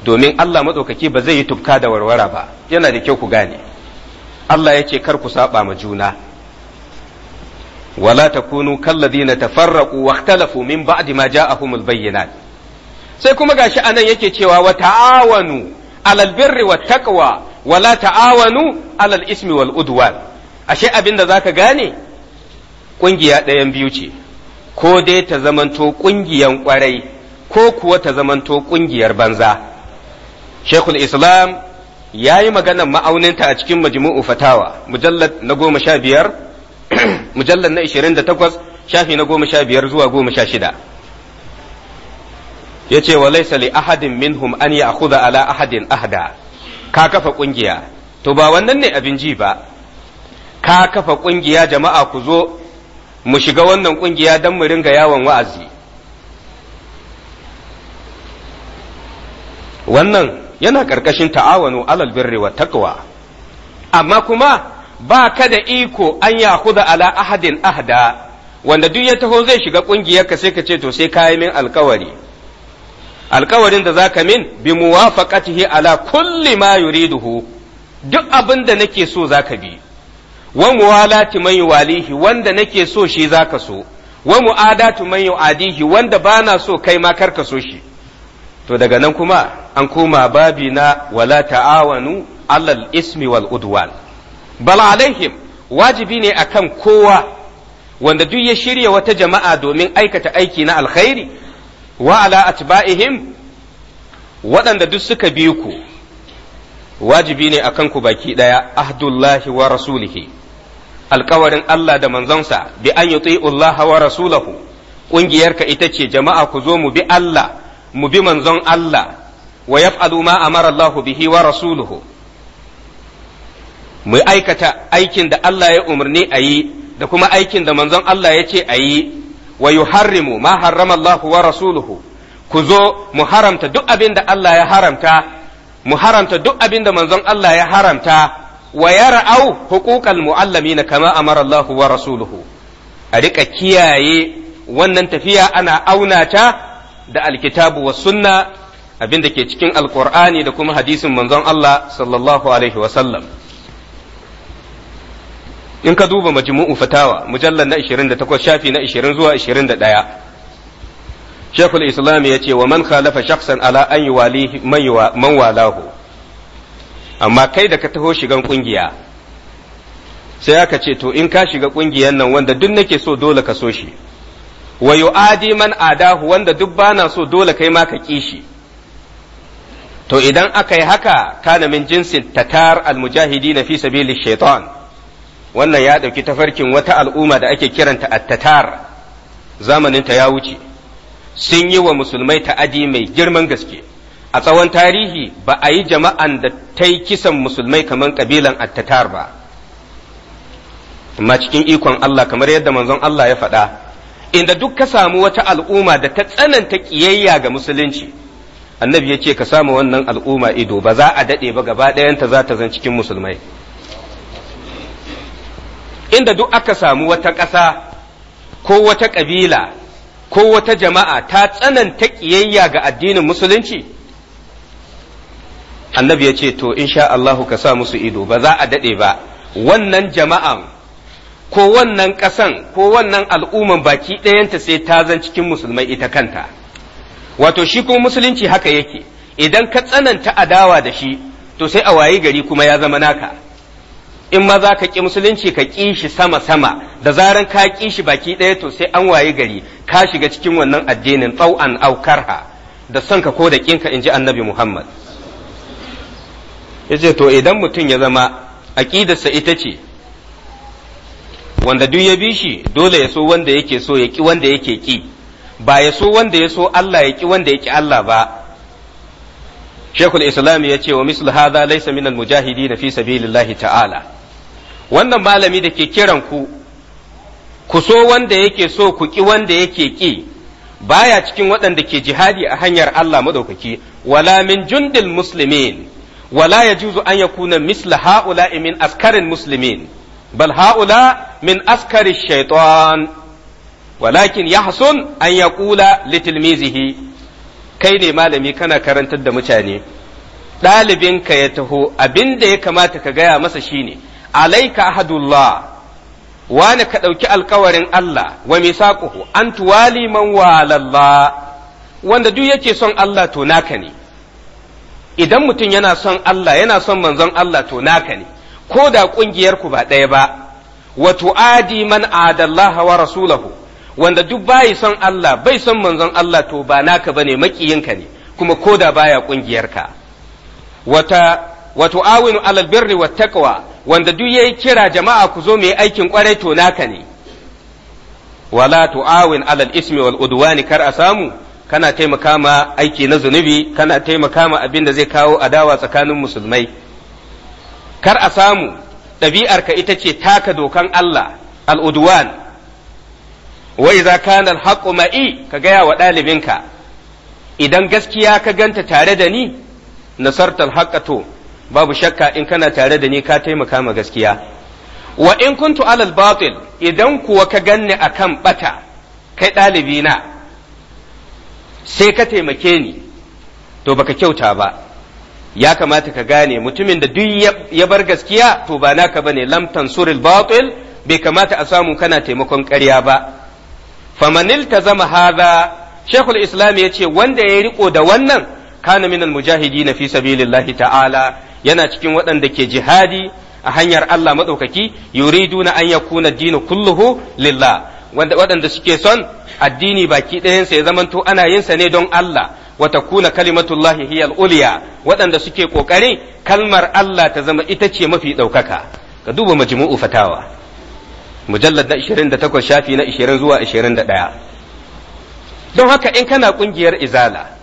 domin Allah matsaukaki ba zai yi tufka da warwara ba yana da kyau ku gane Allah ya ce kar ku saba ma juna wala takunu kalladhina tafarraqu wahtalafu min ba'di ma ja'ahumul bayyinat sai kuma gashi anan yake cewa wa ta'awanu alal birri wat taqwa wala ta'awanu alal ismi wal udwan ashe abinda zaka gane ƙungiya ɗayan biyu ce ko dai ta zamanto ƙungiyan ƙwarai ko kuwa ta zamanto ƙungiyar banza shekul islam ya yi maganar ma'auninta a cikin majmu'u fatawa mujallar na goma sha biyar mujallar na ishirin da takwas shafi na goma sha biyar zuwa goma sha shida ya ce wa laisa li ahadin minhum an ya ala ahadin ahada ka kafa ƙungiya to ba wannan ne abin ji ba ka kafa ƙungiya jama'a ku zo mu shiga wannan kungiya don mu ringa yawon wa'azi wannan yana ƙarƙashin ta'awanu alal birri wa taqwa amma kuma ba ka da iko an da ala ahadin ahada wanda duk ya taho zai shiga ƙungiyarka sai ka ce to sai kayi min alkawari alkawarin da za ka min bi muwafaqatihi ala kulli ma duhu, duk abin da nake so za ka bi wa muwalati man yuwalihi wanda nake so shi zaka so wa mu'adatu man yu'adihi wanda bana so kai ma karka so shi to daga nan kuma an koma babi na wala ta'awanu alal ismi wal udwan bal alaihim wajibi ne akan kowa wanda duk ya shirya wata jama'a domin aikata aiki na alkhairi wa ala atba'ihim waɗanda duk suka bi ku wajibi ne akan ku baki ɗaya ahdullahi wa rasulihi alkawarin Allah da manzonsa bi an yuti'ullaha wa rasulahu ƙungiyarka ita ce jama'a ku zo mu bi Allah mu bi manzon Allah wa yaf'alu ma amara Allahu bihi wa rasuluhu mu aikata aikin da Allah ya umarni a yi da kuma aikin da manzon Allah ya ce a yi wa yuharrimu ma harrama Allahu wa rasuluhu ku zo mu haramta duk abin da Allah ya haramta mu haramta duk abin da manzon Allah ya haramta wa yar'au huquqal muallimina kama amara Allah wa rasuluhu a rika kiyaye wannan tafiya ana auna ta da alkitabu sunna abin da ke cikin alqur'ani da kuma hadisin manzon Allah sallallahu alaihi wa sallam in ka duba majmu'u fatawa mujallal na 28 shafi na 20 zuwa 21 shekul islam ya ce wa man khalafa shaksan ala an yuwali man walahu amma kai da ka taho shigan kungiya sai aka ce to in ka shiga kungiyan nan wanda duk nake so dole ka so shi wa yu'adi man adahu wanda duk bana so dole kai ma ka kishi shi to idan aka yi haka kana min jinsin tatar almujahidina fi sabili shaitan wannan ya ɗauki tafarkin wata al'umma da ake kiranta at-tatar zamanin ta ya wuce sun yi wa musulmai ta'adi mai girman gaske a tsawon tarihi ba a yi jama'an da ta yi kisan musulmai kamar kabilan attatar ba amma cikin ikon Allah kamar yadda manzon Allah ya faɗa inda duk ka samu wata al'umma da ta tsananta ƙiyayya ga musulunci annabi ya ce ka samu wannan al'umma ido ba za a daɗe ba gaba ɗayanta za ta zan cikin musulmai inda duk aka samu wata ƙasa ko wata ƙabila ko wata jama'a ta tsananta ƙiyayya ga addinin musulunci annabi ya ce to insha Allahu ka sa musu ido ba za a daɗe ba wannan jama'an ko wannan ƙasan ko wannan al'umman baki ɗayanta sai ta zan cikin musulmai ita kanta wato shi kuma musulunci haka yake idan ka tsananta adawa da shi to sai a wayi gari kuma ya zama naka in ma za ka ƙi musulunci ka ƙi shi sama-sama da zaran ka ƙi shi baki ɗaya to sai an waye gari ka shiga cikin wannan addinin tsau'an aukarha da son ka ko da ka in ji annabi Muhammad. Ya ce to idan mutum ya zama aƙidarsa ita ce wanda duk ya bi shi dole ya so wanda yake so ya ƙi wanda yake ƙi ba ya so wanda ya so Allah ya ƙi wanda ya ƙi Allah ba Shekul Islam ya ce wa mislu hadha laysa mujahidi na fi sabilillahi ta'ala wannan malami da ke kiran ku ku so wanda yake so ku ki wanda yake ki baya cikin waɗanda ke jihadi a hanyar Allah madaukaki wala min jundil muslimin wala yajuzu an yakuna misla haula min askarin muslimin bal haula min askari shaitan walakin yahsun an yaqula litilmizihi kai ne malami kana karantar da mutane ɗalibinka ya taho abin da ya kamata ka gaya masa shine alaika ahadullah wani ka ɗauki alkawarin Allah wa misaquhu an tuwali man walalla wanda duk yake son Allah to naka ne idan mutum yana son Allah yana son manzon Allah to naka ne ko da ƙungiyarku ku ba ɗaya ba wa tuadi man adallaha wa rasulahu wanda duk bai son Allah bai son manzon Allah to ba naka bane makiyinka ne kuma ko da baya ƙungiyarka wata wa tu'awinu alal birri wat taqwa wanda duk yayi kira jama'a ku zo mai aikin kwarai to naka ne wala tu'awin alal ismi wal udwani kar a samu kana taimaka ma aiki na zunubi kana taimaka ma abin da zai kawo adawa tsakanin musulmai kar a samu ɗabi'arka ita ce taka dokan Allah al wai wa idza kana al ma'i ka gaya wa ɗalibinka idan gaskiya ka ganta tare da ni nasartar al babu shakka in kana tare da ni ka taimaka ma gaskiya wa in kuntu alal batil idan kuwa ka ganni akan bata kai ɗalibi na sai ka taimake ni to baka kyauta ba ya kamata ka gane mutumin da duk ya bar gaskiya to ba naka bane lam tansuril batil bai kamata a samu kana taimakon ƙarya ba famanil ta zama haza shekul islam ya ce wanda ya riko da wannan kana minal mujahidi na fi sabilillahi ta'ala yana cikin waɗanda ke jihadi a hanyar Allah maɗaukaki yuriduna an yakuna dini kulluhu lillah wanda waɗanda suke son addini baki ɗayansa ya zamanto ana yin sa ne don Allah wata kuna kalimatullahi hiya uliya, waɗanda suke ƙoƙari kalmar Allah ta zama ita ce mafi ɗaukaka ka duba majmu'u fatawa mujallad na 28 shafi na 20 zuwa 21 don haka in kana ƙungiyar izala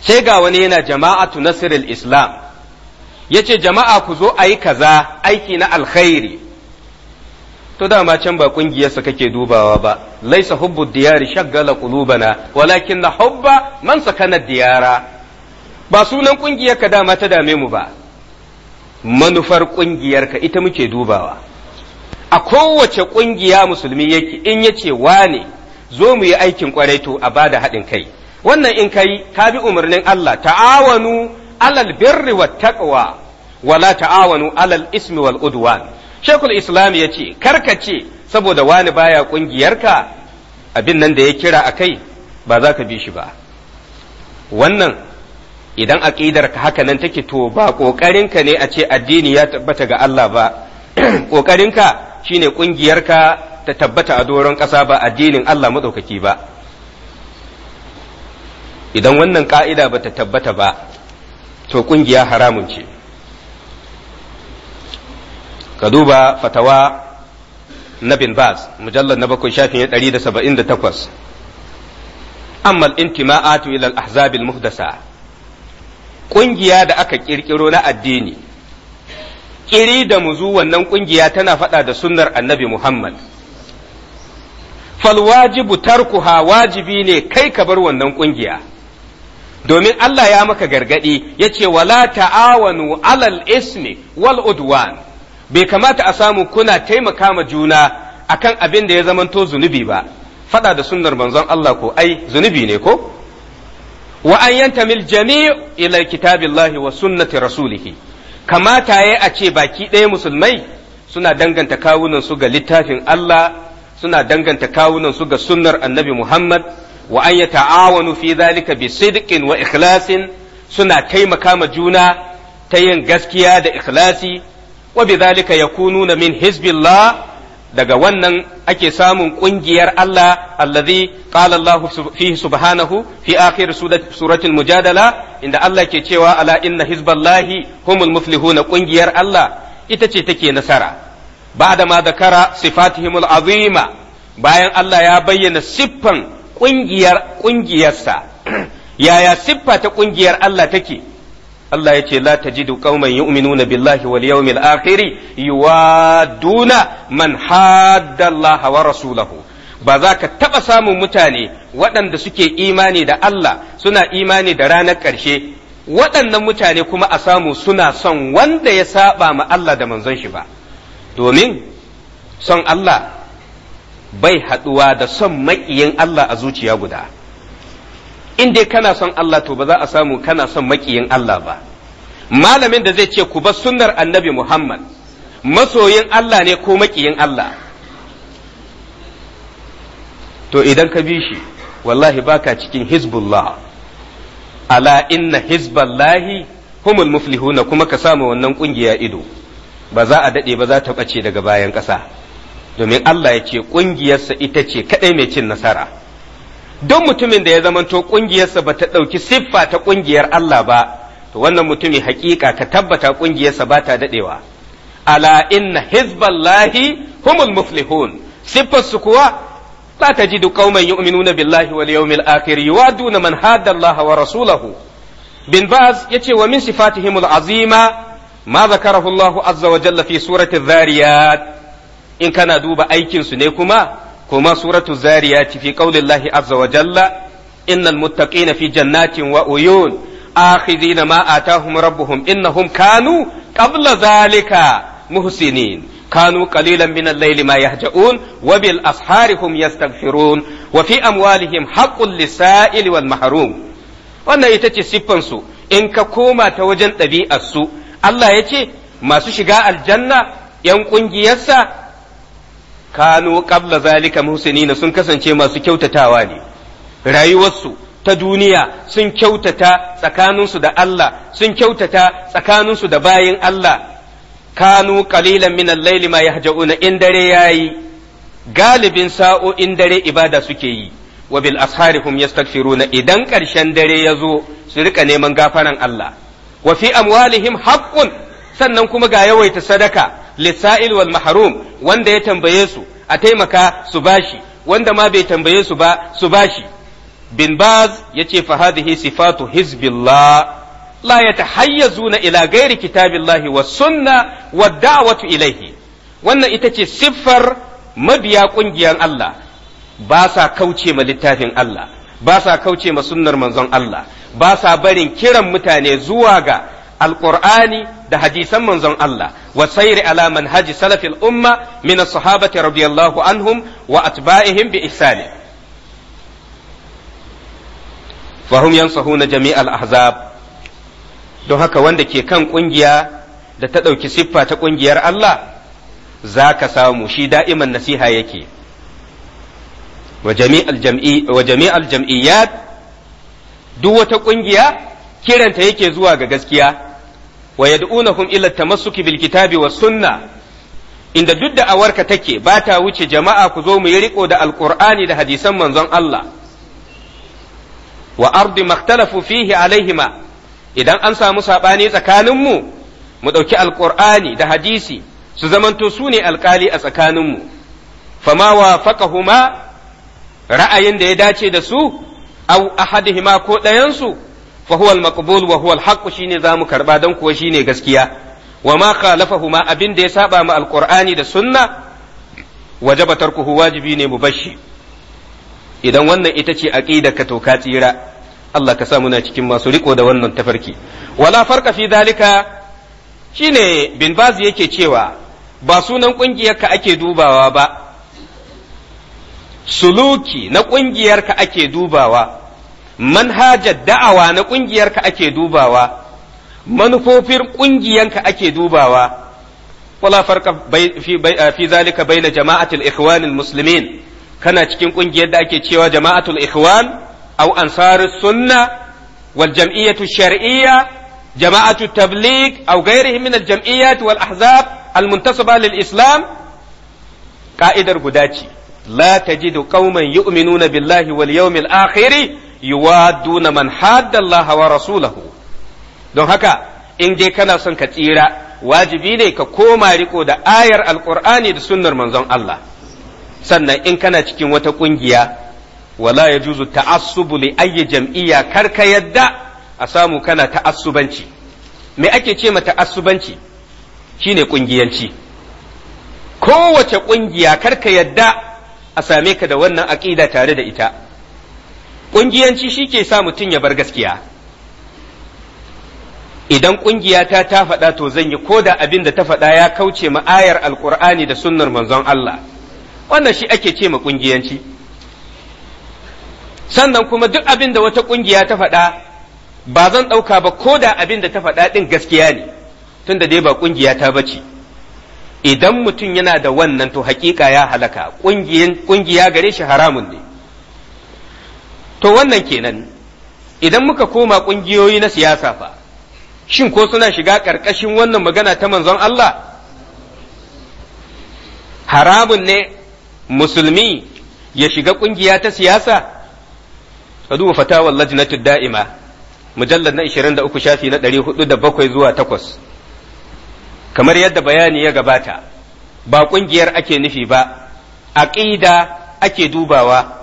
sai ga wani yana jama'atu nasiril islam yace jama'a ku zo a yi kaza aiki na alkhairi to dama can ba kungiyarsa kake dubawa ba laisa hubbu diyari shaggala qulubana walakin na hubba man sakana diyara ba sunan ka dama ta dame mu ba manufar ƙungiyarka ita muke dubawa a kowace ƙungiya musulmi yake in yace wane zo mu yi aikin kwarai to a bada haɗin kai wannan in kai ka bi umarnin Allah ta'awanu alal birri wa taqwa wala ta'awanu alal ismi wal udwan shekul islam ya ce karkace saboda wani baya kungiyarka abin nan da ya kira a kai ba za ka bi shi ba wannan idan aƙidar ka haka nan take to ba ƙoƙarinka ne a ce addini ya tabbata ga Allah ba ƙoƙarinka shine ƙungiyarka ta tabbata a doron ƙasa ba addinin Allah maɗaukaki ba idan wannan ƙa'ida ba ta tabbata ba to kungiya haramun ce ka duba fatawa na bin bas mujallar na bakwai shafin ɗari da saba'in da takwas amma intima'atu ila al-ahzab muhdasa kungiya da aka kirkiro na addini kiri da muzu wannan kungiya tana faɗa da sunnar annabi Muhammad fal wajibu tarkuha wajibi ne kai ka bar wannan kungiya domin Allah ya maka gargadi ya ce wala ta'awanu alal ismi wal udwan bai kamata a samu kuna taimaka ma juna akan abin da ya zamanto zunubi ba fada da sunnar manzon Allah ko ai zunubi ne ko wa an yantamil jami' ila kitabillahi wa sunnati rasulih kamata yayi a ce baki ɗaya musulmai suna danganta kawunan su ga littafin Allah suna danganta kawunan su ga sunnar annabi Muhammad wa an ta'awanu fi alika bi sidqin wa ikhlasin suna taimaka ma juna ta yin gaskiya da ikhlasi wa bi ya yakununa min hizbillah daga wannan ake samun kungiyar Allah allazi qala Allah fihi subhanahu fi akhir suratul mujadala inda Allah ke cewa ala inna hizballahi humul muflihuna kungiyar Allah ita ce take nasara ba'da ma dakara sifatihimul azima bayan Allah ya bayyana siffan ƙungiyar ƙungiyarsa yaya siffa ta ƙungiyar Allah take Allah ya ce la yi uminu na billahi wal yawmil akhir yuwaduna man hadda wa rasulahu ba za ka taɓa samun mutane waɗanda suke imani da Allah suna imani da ranar ƙarshe waɗannan mutane kuma a samu suna son wanda ya saba ma Allah da manzon shi ba domin son Allah bai haɗuwa da son maƙiyin Allah a zuciya guda in dai kana son Allah to ba za a samu kana son maƙiyin Allah ba malamin da zai ce ku bar sunnar annabi Muhammad masoyin Allah ne ko maƙiyin Allah to idan ka bi shi wallahi baka cikin hizbullah ala inna hizballahi humul muflihuna kuma ka samu wannan ƙungiya ido ba za a daɗe ba za ta ɓace daga bayan ƙasa. domin Allah ya ce ƙungiyarsa ita ce kaɗai mai cin nasara don mutumin da ya zamanto ƙungiyarsa ba ta ɗauki siffa ta ƙungiyar Allah ba to wannan mutumin haƙiƙa ka tabbata ƙungiyarsa ba ta daɗewa ala inna hizballahi humul muflihun siffarsu kuwa لا تجد قوما يؤمنون بالله واليوم الآخر يوادون من هاد الله ورسوله بن باز يتي ومن صفاتهم العظيمة ما ذكره الله عز وجل في سورة الذاريات in kana duba aikinsu ne kuma kuma suratu zariyati fi qaulillahi azza wa jalla innal muttaqina fi jannatin wa uyun akhidhina ma atahum rabbuhum innahum kanu qabla zalika muhsinin كانوا قليلا من الليل ما يهجؤون وبالأسحار هم يستغفرون وفي أموالهم حق للسائل والمحروم wannan ita ce siffansu in ka koma ta wajen ɗabi'arsu Allah ya ce masu shiga aljanna ‘yan ƙungiyarsa kanu qabla zalika muhsinina sun kasance masu kyautatawa ne rayuwarsu ta duniya sun kyautata tsakaninsu da Allah sun kyautata tsakaninsu da bayin Allah kanu qalilan min al-layli ma yahja'una in dare yayi galibin sa'o'in dare ibada suke yi wa bil asharihum yastaghfiruna idan ƙarshen dare ya zo su rika neman gafaran Allah wa fi amwalihim haqqun sannan kuma ga yawaita sadaka lisa'il wal mahrum wanda ya tambaye su a taimaka su bashi wanda ma bai tambaye su ba su bashi bin baz yace fa hadhihi sifatu hizbillah la yatahayyazuna ila ghairi kitabillahi was sunna wad da'watu ilayhi wannan ita ce siffar mabiya ƙungiyar Allah ba sa kauce ma littafin Allah ba sa kauce ma sunnar manzon Allah ba sa barin kiran mutane zuwa ga Alƙur'ani da hadisan manzon Allah wa sayri ala manhaji salafil umma min as-sahabati radiyallahu anhum wa atba'ihim bi ihsani fa na yansahuna jami'al ahzab don haka wanda ke kan ƙungiya da ta ɗauki siffa ta ƙungiyar Allah za ka samu shi da'iman nasiha yake wa jami'al jam'iyyat duk wata ƙungiya kiranta yake zuwa ga gaskiya wa na ila tamassuki bil bilkitabi wa sunna inda duk da awarka take ba ta wuce jama'a ku zo mu yi riko da alqur'ani da hadisan manzon Allah wa ardi maktalafu fihi alaihima idan an samu saɓani tsakanin mu mu dauki alqur'ani da hadisi su zamanto su ne alkali a tsakanin mu fama wafaqahuma ra'ayin da ya dace da su aw ahadihima ko ɗayansu fa huwa al-maqbul wa huwa al-haqq shine zamu karba dan kuwa shine gaskiya wa ma khalafahuma abin da ya saba ma alqur'ani da sunna wajaba tarkuhu wajibi ne mubashi idan wannan ita ce aqida ka to ka tsira Allah ka sa muna cikin masu riko da wannan tafarki wala farqa fi dalika shine bin baz yake cewa ba sunan ƙungiyarka ake dubawa ba suluki na ƙungiyarka ake dubawa manhajar da'awa na ƙungiyarka ake dubawa manufofin ƙungiyanka ake dubawa wala farka eh, fi zalika baina jama'atul ikhwan muslimin kana cikin ƙungiyar da ake cewa jama'atul ikhwan au ansari sunna wal jam'iyyatu shar'iyya jama'atu tabligh au gairi min al jam'iyyat wal ahzab al muntasaba lil islam ka'idar guda ce la tajidu qauman yu'minuna billahi wal yawmil akhiri. yuwadduna man haddallaha wa rasulahu don haka in dai kana son ka tsira wajibi ne ka koma riko da ayar alqur'ani da sunnar manzon Allah sannan in kana cikin wata kungiya wala yajuzu ta'assubu li ayyi jam'iyya karka ka yadda a samu kana ta'assubanci me ake ce ma ta'assubanci shine kungiyanci kowace kungiya kar ka yadda a same ka da wannan aƙida tare da ita ƙungiyanci shi ke sa mutum ya bar gaskiya idan ƙungiyata ta faɗa to zan yi ko da abin da ta faɗa ya kauce ma'ayar ayar alƙur'ani da sunnar manzon Allah wannan shi ake ce ma ƙungiyanci sannan kuma duk abin da wata ƙungiya ta faɗa ba zan ɗauka ba ko da abin da ta faɗa ɗin gaskiya ne tunda dai ba ƙungiya ta bace idan mutum yana da wannan to hakika ya halaka ƙungiya gare shi haramun ne to wannan kenan idan muka koma ƙungiyoyi na siyasa fa shin ko suna shiga ƙarƙashin wannan magana ta manzon Allah haramun ne musulmi ya shiga ƙungiya ta siyasa ka duba fatawar lajnatu da'ima mujallar na 23 shafi na 407 zuwa 8 kamar yadda bayani ya gabata ba ƙungiyar ake nufi ba aƙida ake dubawa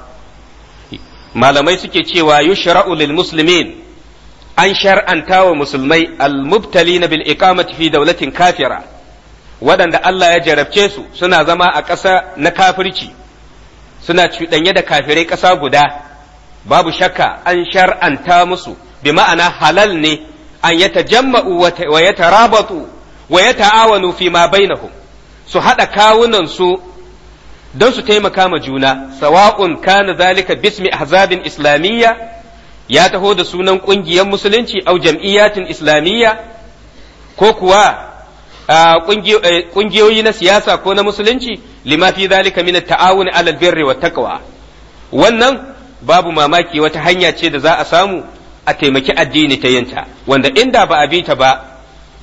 malamai suke cewa yushra'u lil muslimin an shar'anta wa musulmai al-mubtali na bil iqamati fi daulatin kafira waɗanda Allah ya jarabce su suna zama a ƙasa na kafirci suna cuɗanye da kafirai ƙasa guda babu shakka an shar'anta musu bi ma'ana halal ne an yatajamma'u wa yatarabatu wa yata'awanu fi ma bainahum su haɗa kawunan su don su taimaka ma juna sawa'un kana zalika bismi ahzabin islamiyya ya taho da sunan kungiyar musulunci au jam'iyyatin islamiyya ko kuwa kungiyoyi eh, na siyasa ko na musulunci lima fi zalika min ta'awun alal birri wa taqwa wannan babu mamaki wata hanya ce da za a samu a taimaki addini ta yinta wanda inda ba a bi ta ba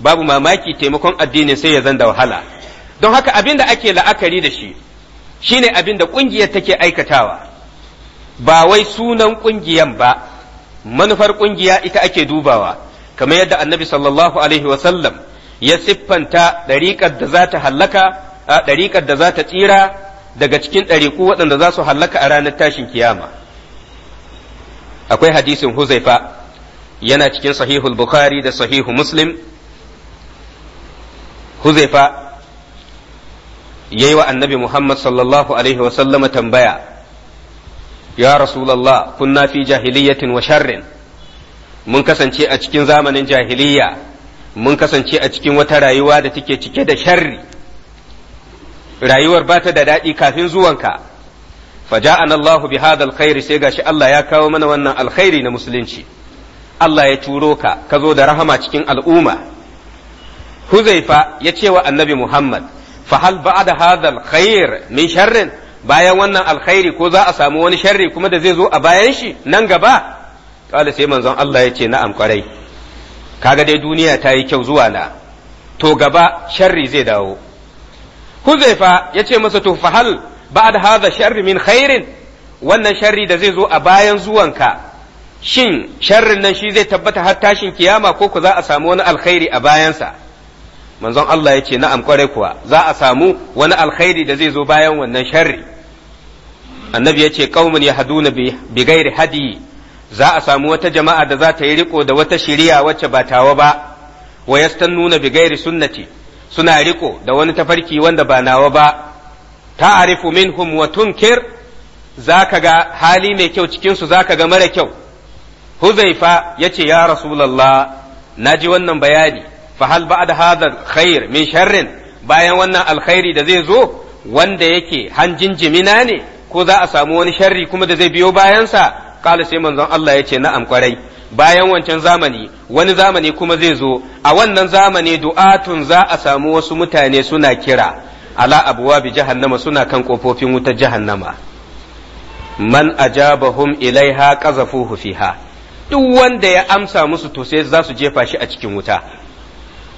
babu mamaki taimakon addinin sai ya zanda wahala don haka abin da ake la'akari da shi shine abin da ƙungiyar take aikatawa ba wai sunan ƙungiyan ba manufar ƙungiya ita ake dubawa kamar yadda annabi sallallahu alaihi wasallam ya siffanta ɗariƙar da za ta hallaka a ɗariƙar da za ta tsira daga cikin ɗariƙu waɗanda za su hallaka a ranar tashin kiyama akwai hadisin huzaifa yana cikin sahihul bukhari da sahihu muslim huzaifa yayi wa annabi Muhammad sallallahu alaihi wa sallama tambaya ya rasulallah kunna fi jahiliyatin wa sharrin mun kasance a cikin zamanin jahiliya mun kasance a cikin wata rayuwa da take cike da sharri rayuwar ba ta da daɗi kafin zuwanka faja'ana Allah bi hadha alkhairi sai gashi Allah ya kawo mana wannan alkhairi na musulunci Allah ya turo ka ka zo da rahama cikin al'umma Huzaifa ya ce wa annabi Muhammad fa hal ba'da hadha alkhair min sharrin bayan wannan alkhairi ko za a samu wani sharri kuma da zai zo a bayan shi nan gaba kala sai manzon Allah ya ce na'am kwarai kaga dai duniya ta yi kyau zuwa na to gaba sharri zai dawo huzaifa ya ce masa to fa hal ba'da hadha sharri min khairin wannan sharrin da zai zo a bayan zuwanka shin sharrin nan shi zai tabbata har tashin kiyama ko ku za a samu wani alkhairi a bayansa manzon Allah ya ce na'am kwarai kuwa za a samu wani alkhairi da zai zo bayan wannan sharri annabi ya ce qaumun yahduna bi ghairi hadi za a samu wata jama'a da za ta yi riko da wata shiriya wacce ba tawa ba wa yastannuna bi ghairi sunnati suna riko da wani tafarki wanda ba nawa ba ta'arifu minhum wa tunkir zaka ga hali mai kyau cikin su zaka ga mara kyau huzaifa yace ya rasulullah naji wannan bayani fa hal ba'da hadha khair min sharrin bayan wannan alkhairi da zai zo wanda yake hanjin jimina ne ko za a samu wani sharri kuma da zai biyo bayansa kala sai manzon Allah ya ce na'am kwarai bayan wancan zamani wani zamani kuma zai zo a wannan zamani du'atun za a samu wasu mutane suna kira ala abuwa bi jahannama suna kan kofofin wuta jahannama man ajabahum ilaiha qazafuhu fiha duk wanda ya amsa musu to sai za su jefa shi a cikin wuta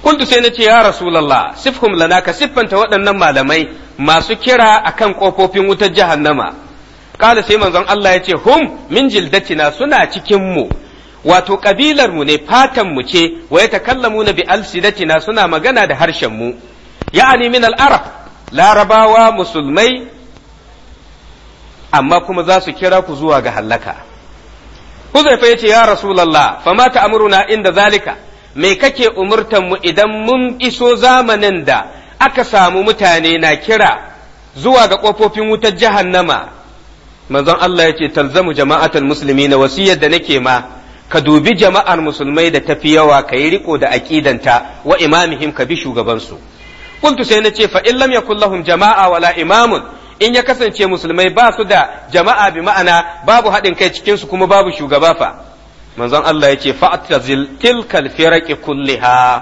kuntu sai na ce ya rasulallah sifhum lana ka siffanta waɗannan malamai masu kira akan kofofin wutar jahannama kala sai manzon Allah ya ce hum min jildatina suna cikin mu wato kabilar mu ne fatan mu ce wa yatakallamuna bi alsidatina suna magana da harshen mu ya'ani min al-arab larabawa musulmai amma kuma za su kira ku zuwa ga hallaka Huzaifa ya ce ya Rasulallah, fa ma ta'amuruna inda zalika, me kake mu idan mun iso zamanin da aka samu mutane na kira zuwa ga ƙofofin wutar jahannama manzon Allah ya talzamu jama'atul musulmi na wasiyar da nake ma ka dubi jama'ar musulmai da tafi yawa ka yi riko da aƙidanta wa imamihim ka bi shugabansu kuntu sai na ce fa in lam yakul lahum jama'a wala imamun in ya kasance musulmai ba su da jama'a bi ma'ana babu haɗin kai cikinsu kuma babu shugaba fa manzon Allah yace fa'tazil tilkal firaqi kulliha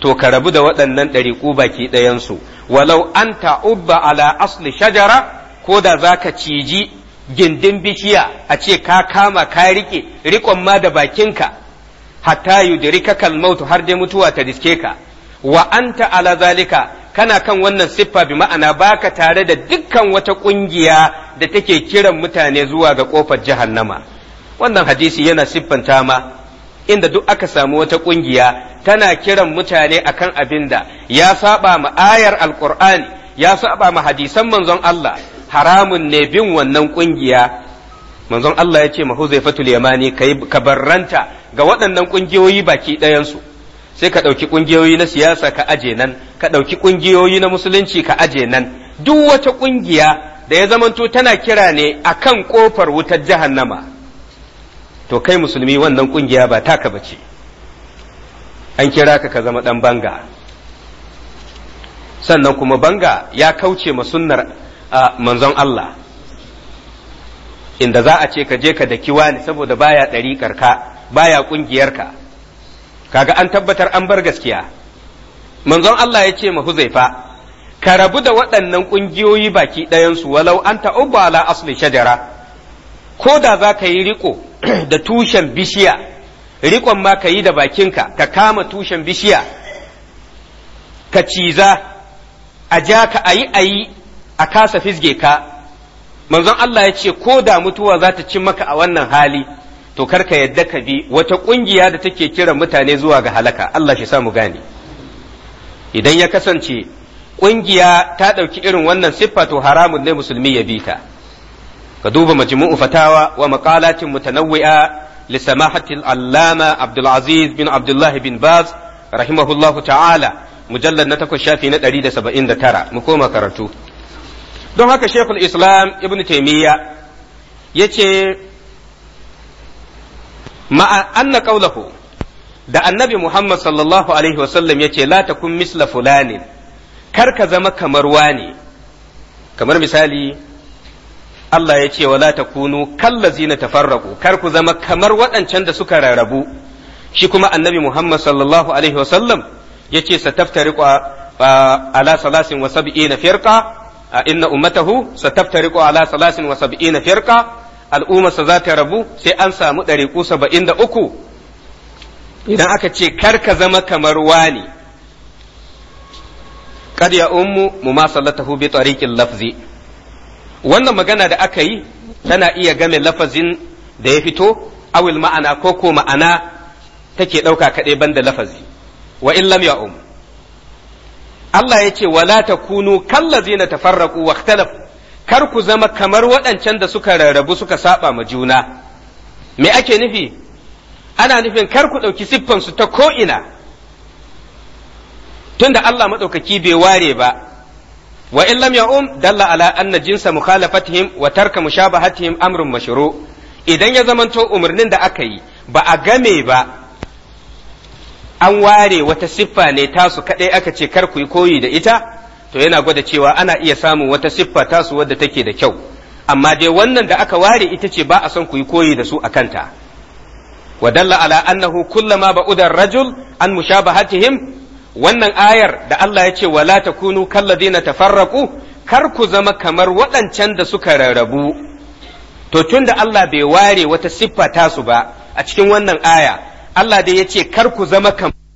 to ka rabu da waɗannan ɗariƙu baki ɗayansu walau an Ubba ala asli shajara ko da zaka ciji gindin bishiya a ce ka kama ka riƙe riƙon ma da bakinka hatta yudrika kal mautu har dai mutuwa ta diske ka wa anta ala zalika kana kan wannan siffa bi ma'ana baka tare da dukkan wata ƙungiya da take kiran mutane zuwa ga ƙofar jahannama wannan hadisi yana siffanta ma inda duk aka samu wata ƙungiya tana kiran mutane akan abin da ya saba ma ayar alkur'ani ya saba ma hadisan manzon Allah haramun ne bin wannan kungiya manzon Allah ya ce ma Huzaifatul Yamani kai ka barranta ga waɗannan ƙungiyoyi baki ɗayansu sai ka ɗauki ƙungiyoyi na siyasa ka aje nan ka ɗauki kungiyoyi na musulunci ka aje nan duk wata ƙungiya da ya zamanto tana kira ne akan ƙofar wutar jahannama to kai musulmi wannan kungiya ba taka bace an kira ka ka zama dan banga sannan kuma banga ya kauce ma sunnar manzon Allah inda za a ce ka je ka daki wani saboda baya ɗariƙar ka baya ka. kaga an tabbatar an bar gaskiya manzon Allah ya ce ma huzaifa ka rabu da waɗannan ƙungiyoyi baki ɗayansu walau an ta'ubba ala asli shajara ko da za ka yi riko da tushen bishiya rikon ma ka yi da bakinka ka kama tushen bishiya ka ciza a ja ka ayi ayi a kasa fisge ka manzon Allah ya ce ko da mutuwa za ta ci maka a wannan hali to kar ka yadda ka bi wata ƙungiya da take kira mutane zuwa ga halaka Allah shi samu gane idan ya kasance ƙungiya ta ɗauki irin wannan siffa to haramun ne musulmi ya bi ta ka duba majmu'u fatawa wa maqalatin mutanawwi'a li samahati al-allama Abdul Aziz bin Abdullah bin Baz rahimahullahu ta'ala mujallad na takwas shafi na 179 mu koma karatu don haka Sheikhul Islam Ibn Taymiyyah yace ma'a anna qawluhu da annabi Muhammad sallallahu alaihi wasallam yace la takun misla fulani kar ka zama kamar wani kamar misali Allah ya ce wala takunu kallazina tafarraqu kar ku zama kamar waɗancan da suka rarrabu shi kuma annabi Muhammad sallallahu alaihi wasallam yace sataftariqu ala salasin wa sab'ina firqa inna ummatahu sataftariqu ala salasin wa sab'ina firqa al'umma sa za ta rabu sai an samu ɗari ɗariƙu saba'in da uku idan aka ce kar ka zama kamar wani qad ya ummu mumasallatahu bi tariqil lafzi wannan magana da aka yi tana iya game lafazin da ya fito awil ma'ana ko ko ma'ana take ɗauka kaɗai banda lafazi wa in lam ya'um Allah ya ce wala kallazi na tafarraqu wa ikhtalafu kar ku zama kamar waɗancan da suka rarrabu suka saba ma juna me ake nufi ana nufin kar ku ɗauki siffansu ta ko'ina tunda Allah maɗaukaki bai ware ba Wa'in in lam ya'um dalla ala anna jinsa mukhalafatihim wa tarka mushabahatihim amrun mashru idan ya zamanto umarnin da aka yi ba a game ba an ware wata siffa ne tasu kadai aka ce kar ku yi koyi da ita to yana gwada cewa ana iya samun wata siffa tasu wadda take da kyau amma dai wannan da aka ware ita ce ba a son ku yi koyi da su a kanta wa dalla ala annahu kullama ba'udar rajul an mushabahatihim wannan ayar da Allah ya ce wala kalla kalladina tafarraqu kar ku zama kamar waɗancan da suka rarrabu to tun da Allah bai ware wata siffa tasu ba a cikin wannan aya Allah dai ya ce kar ku zama kamar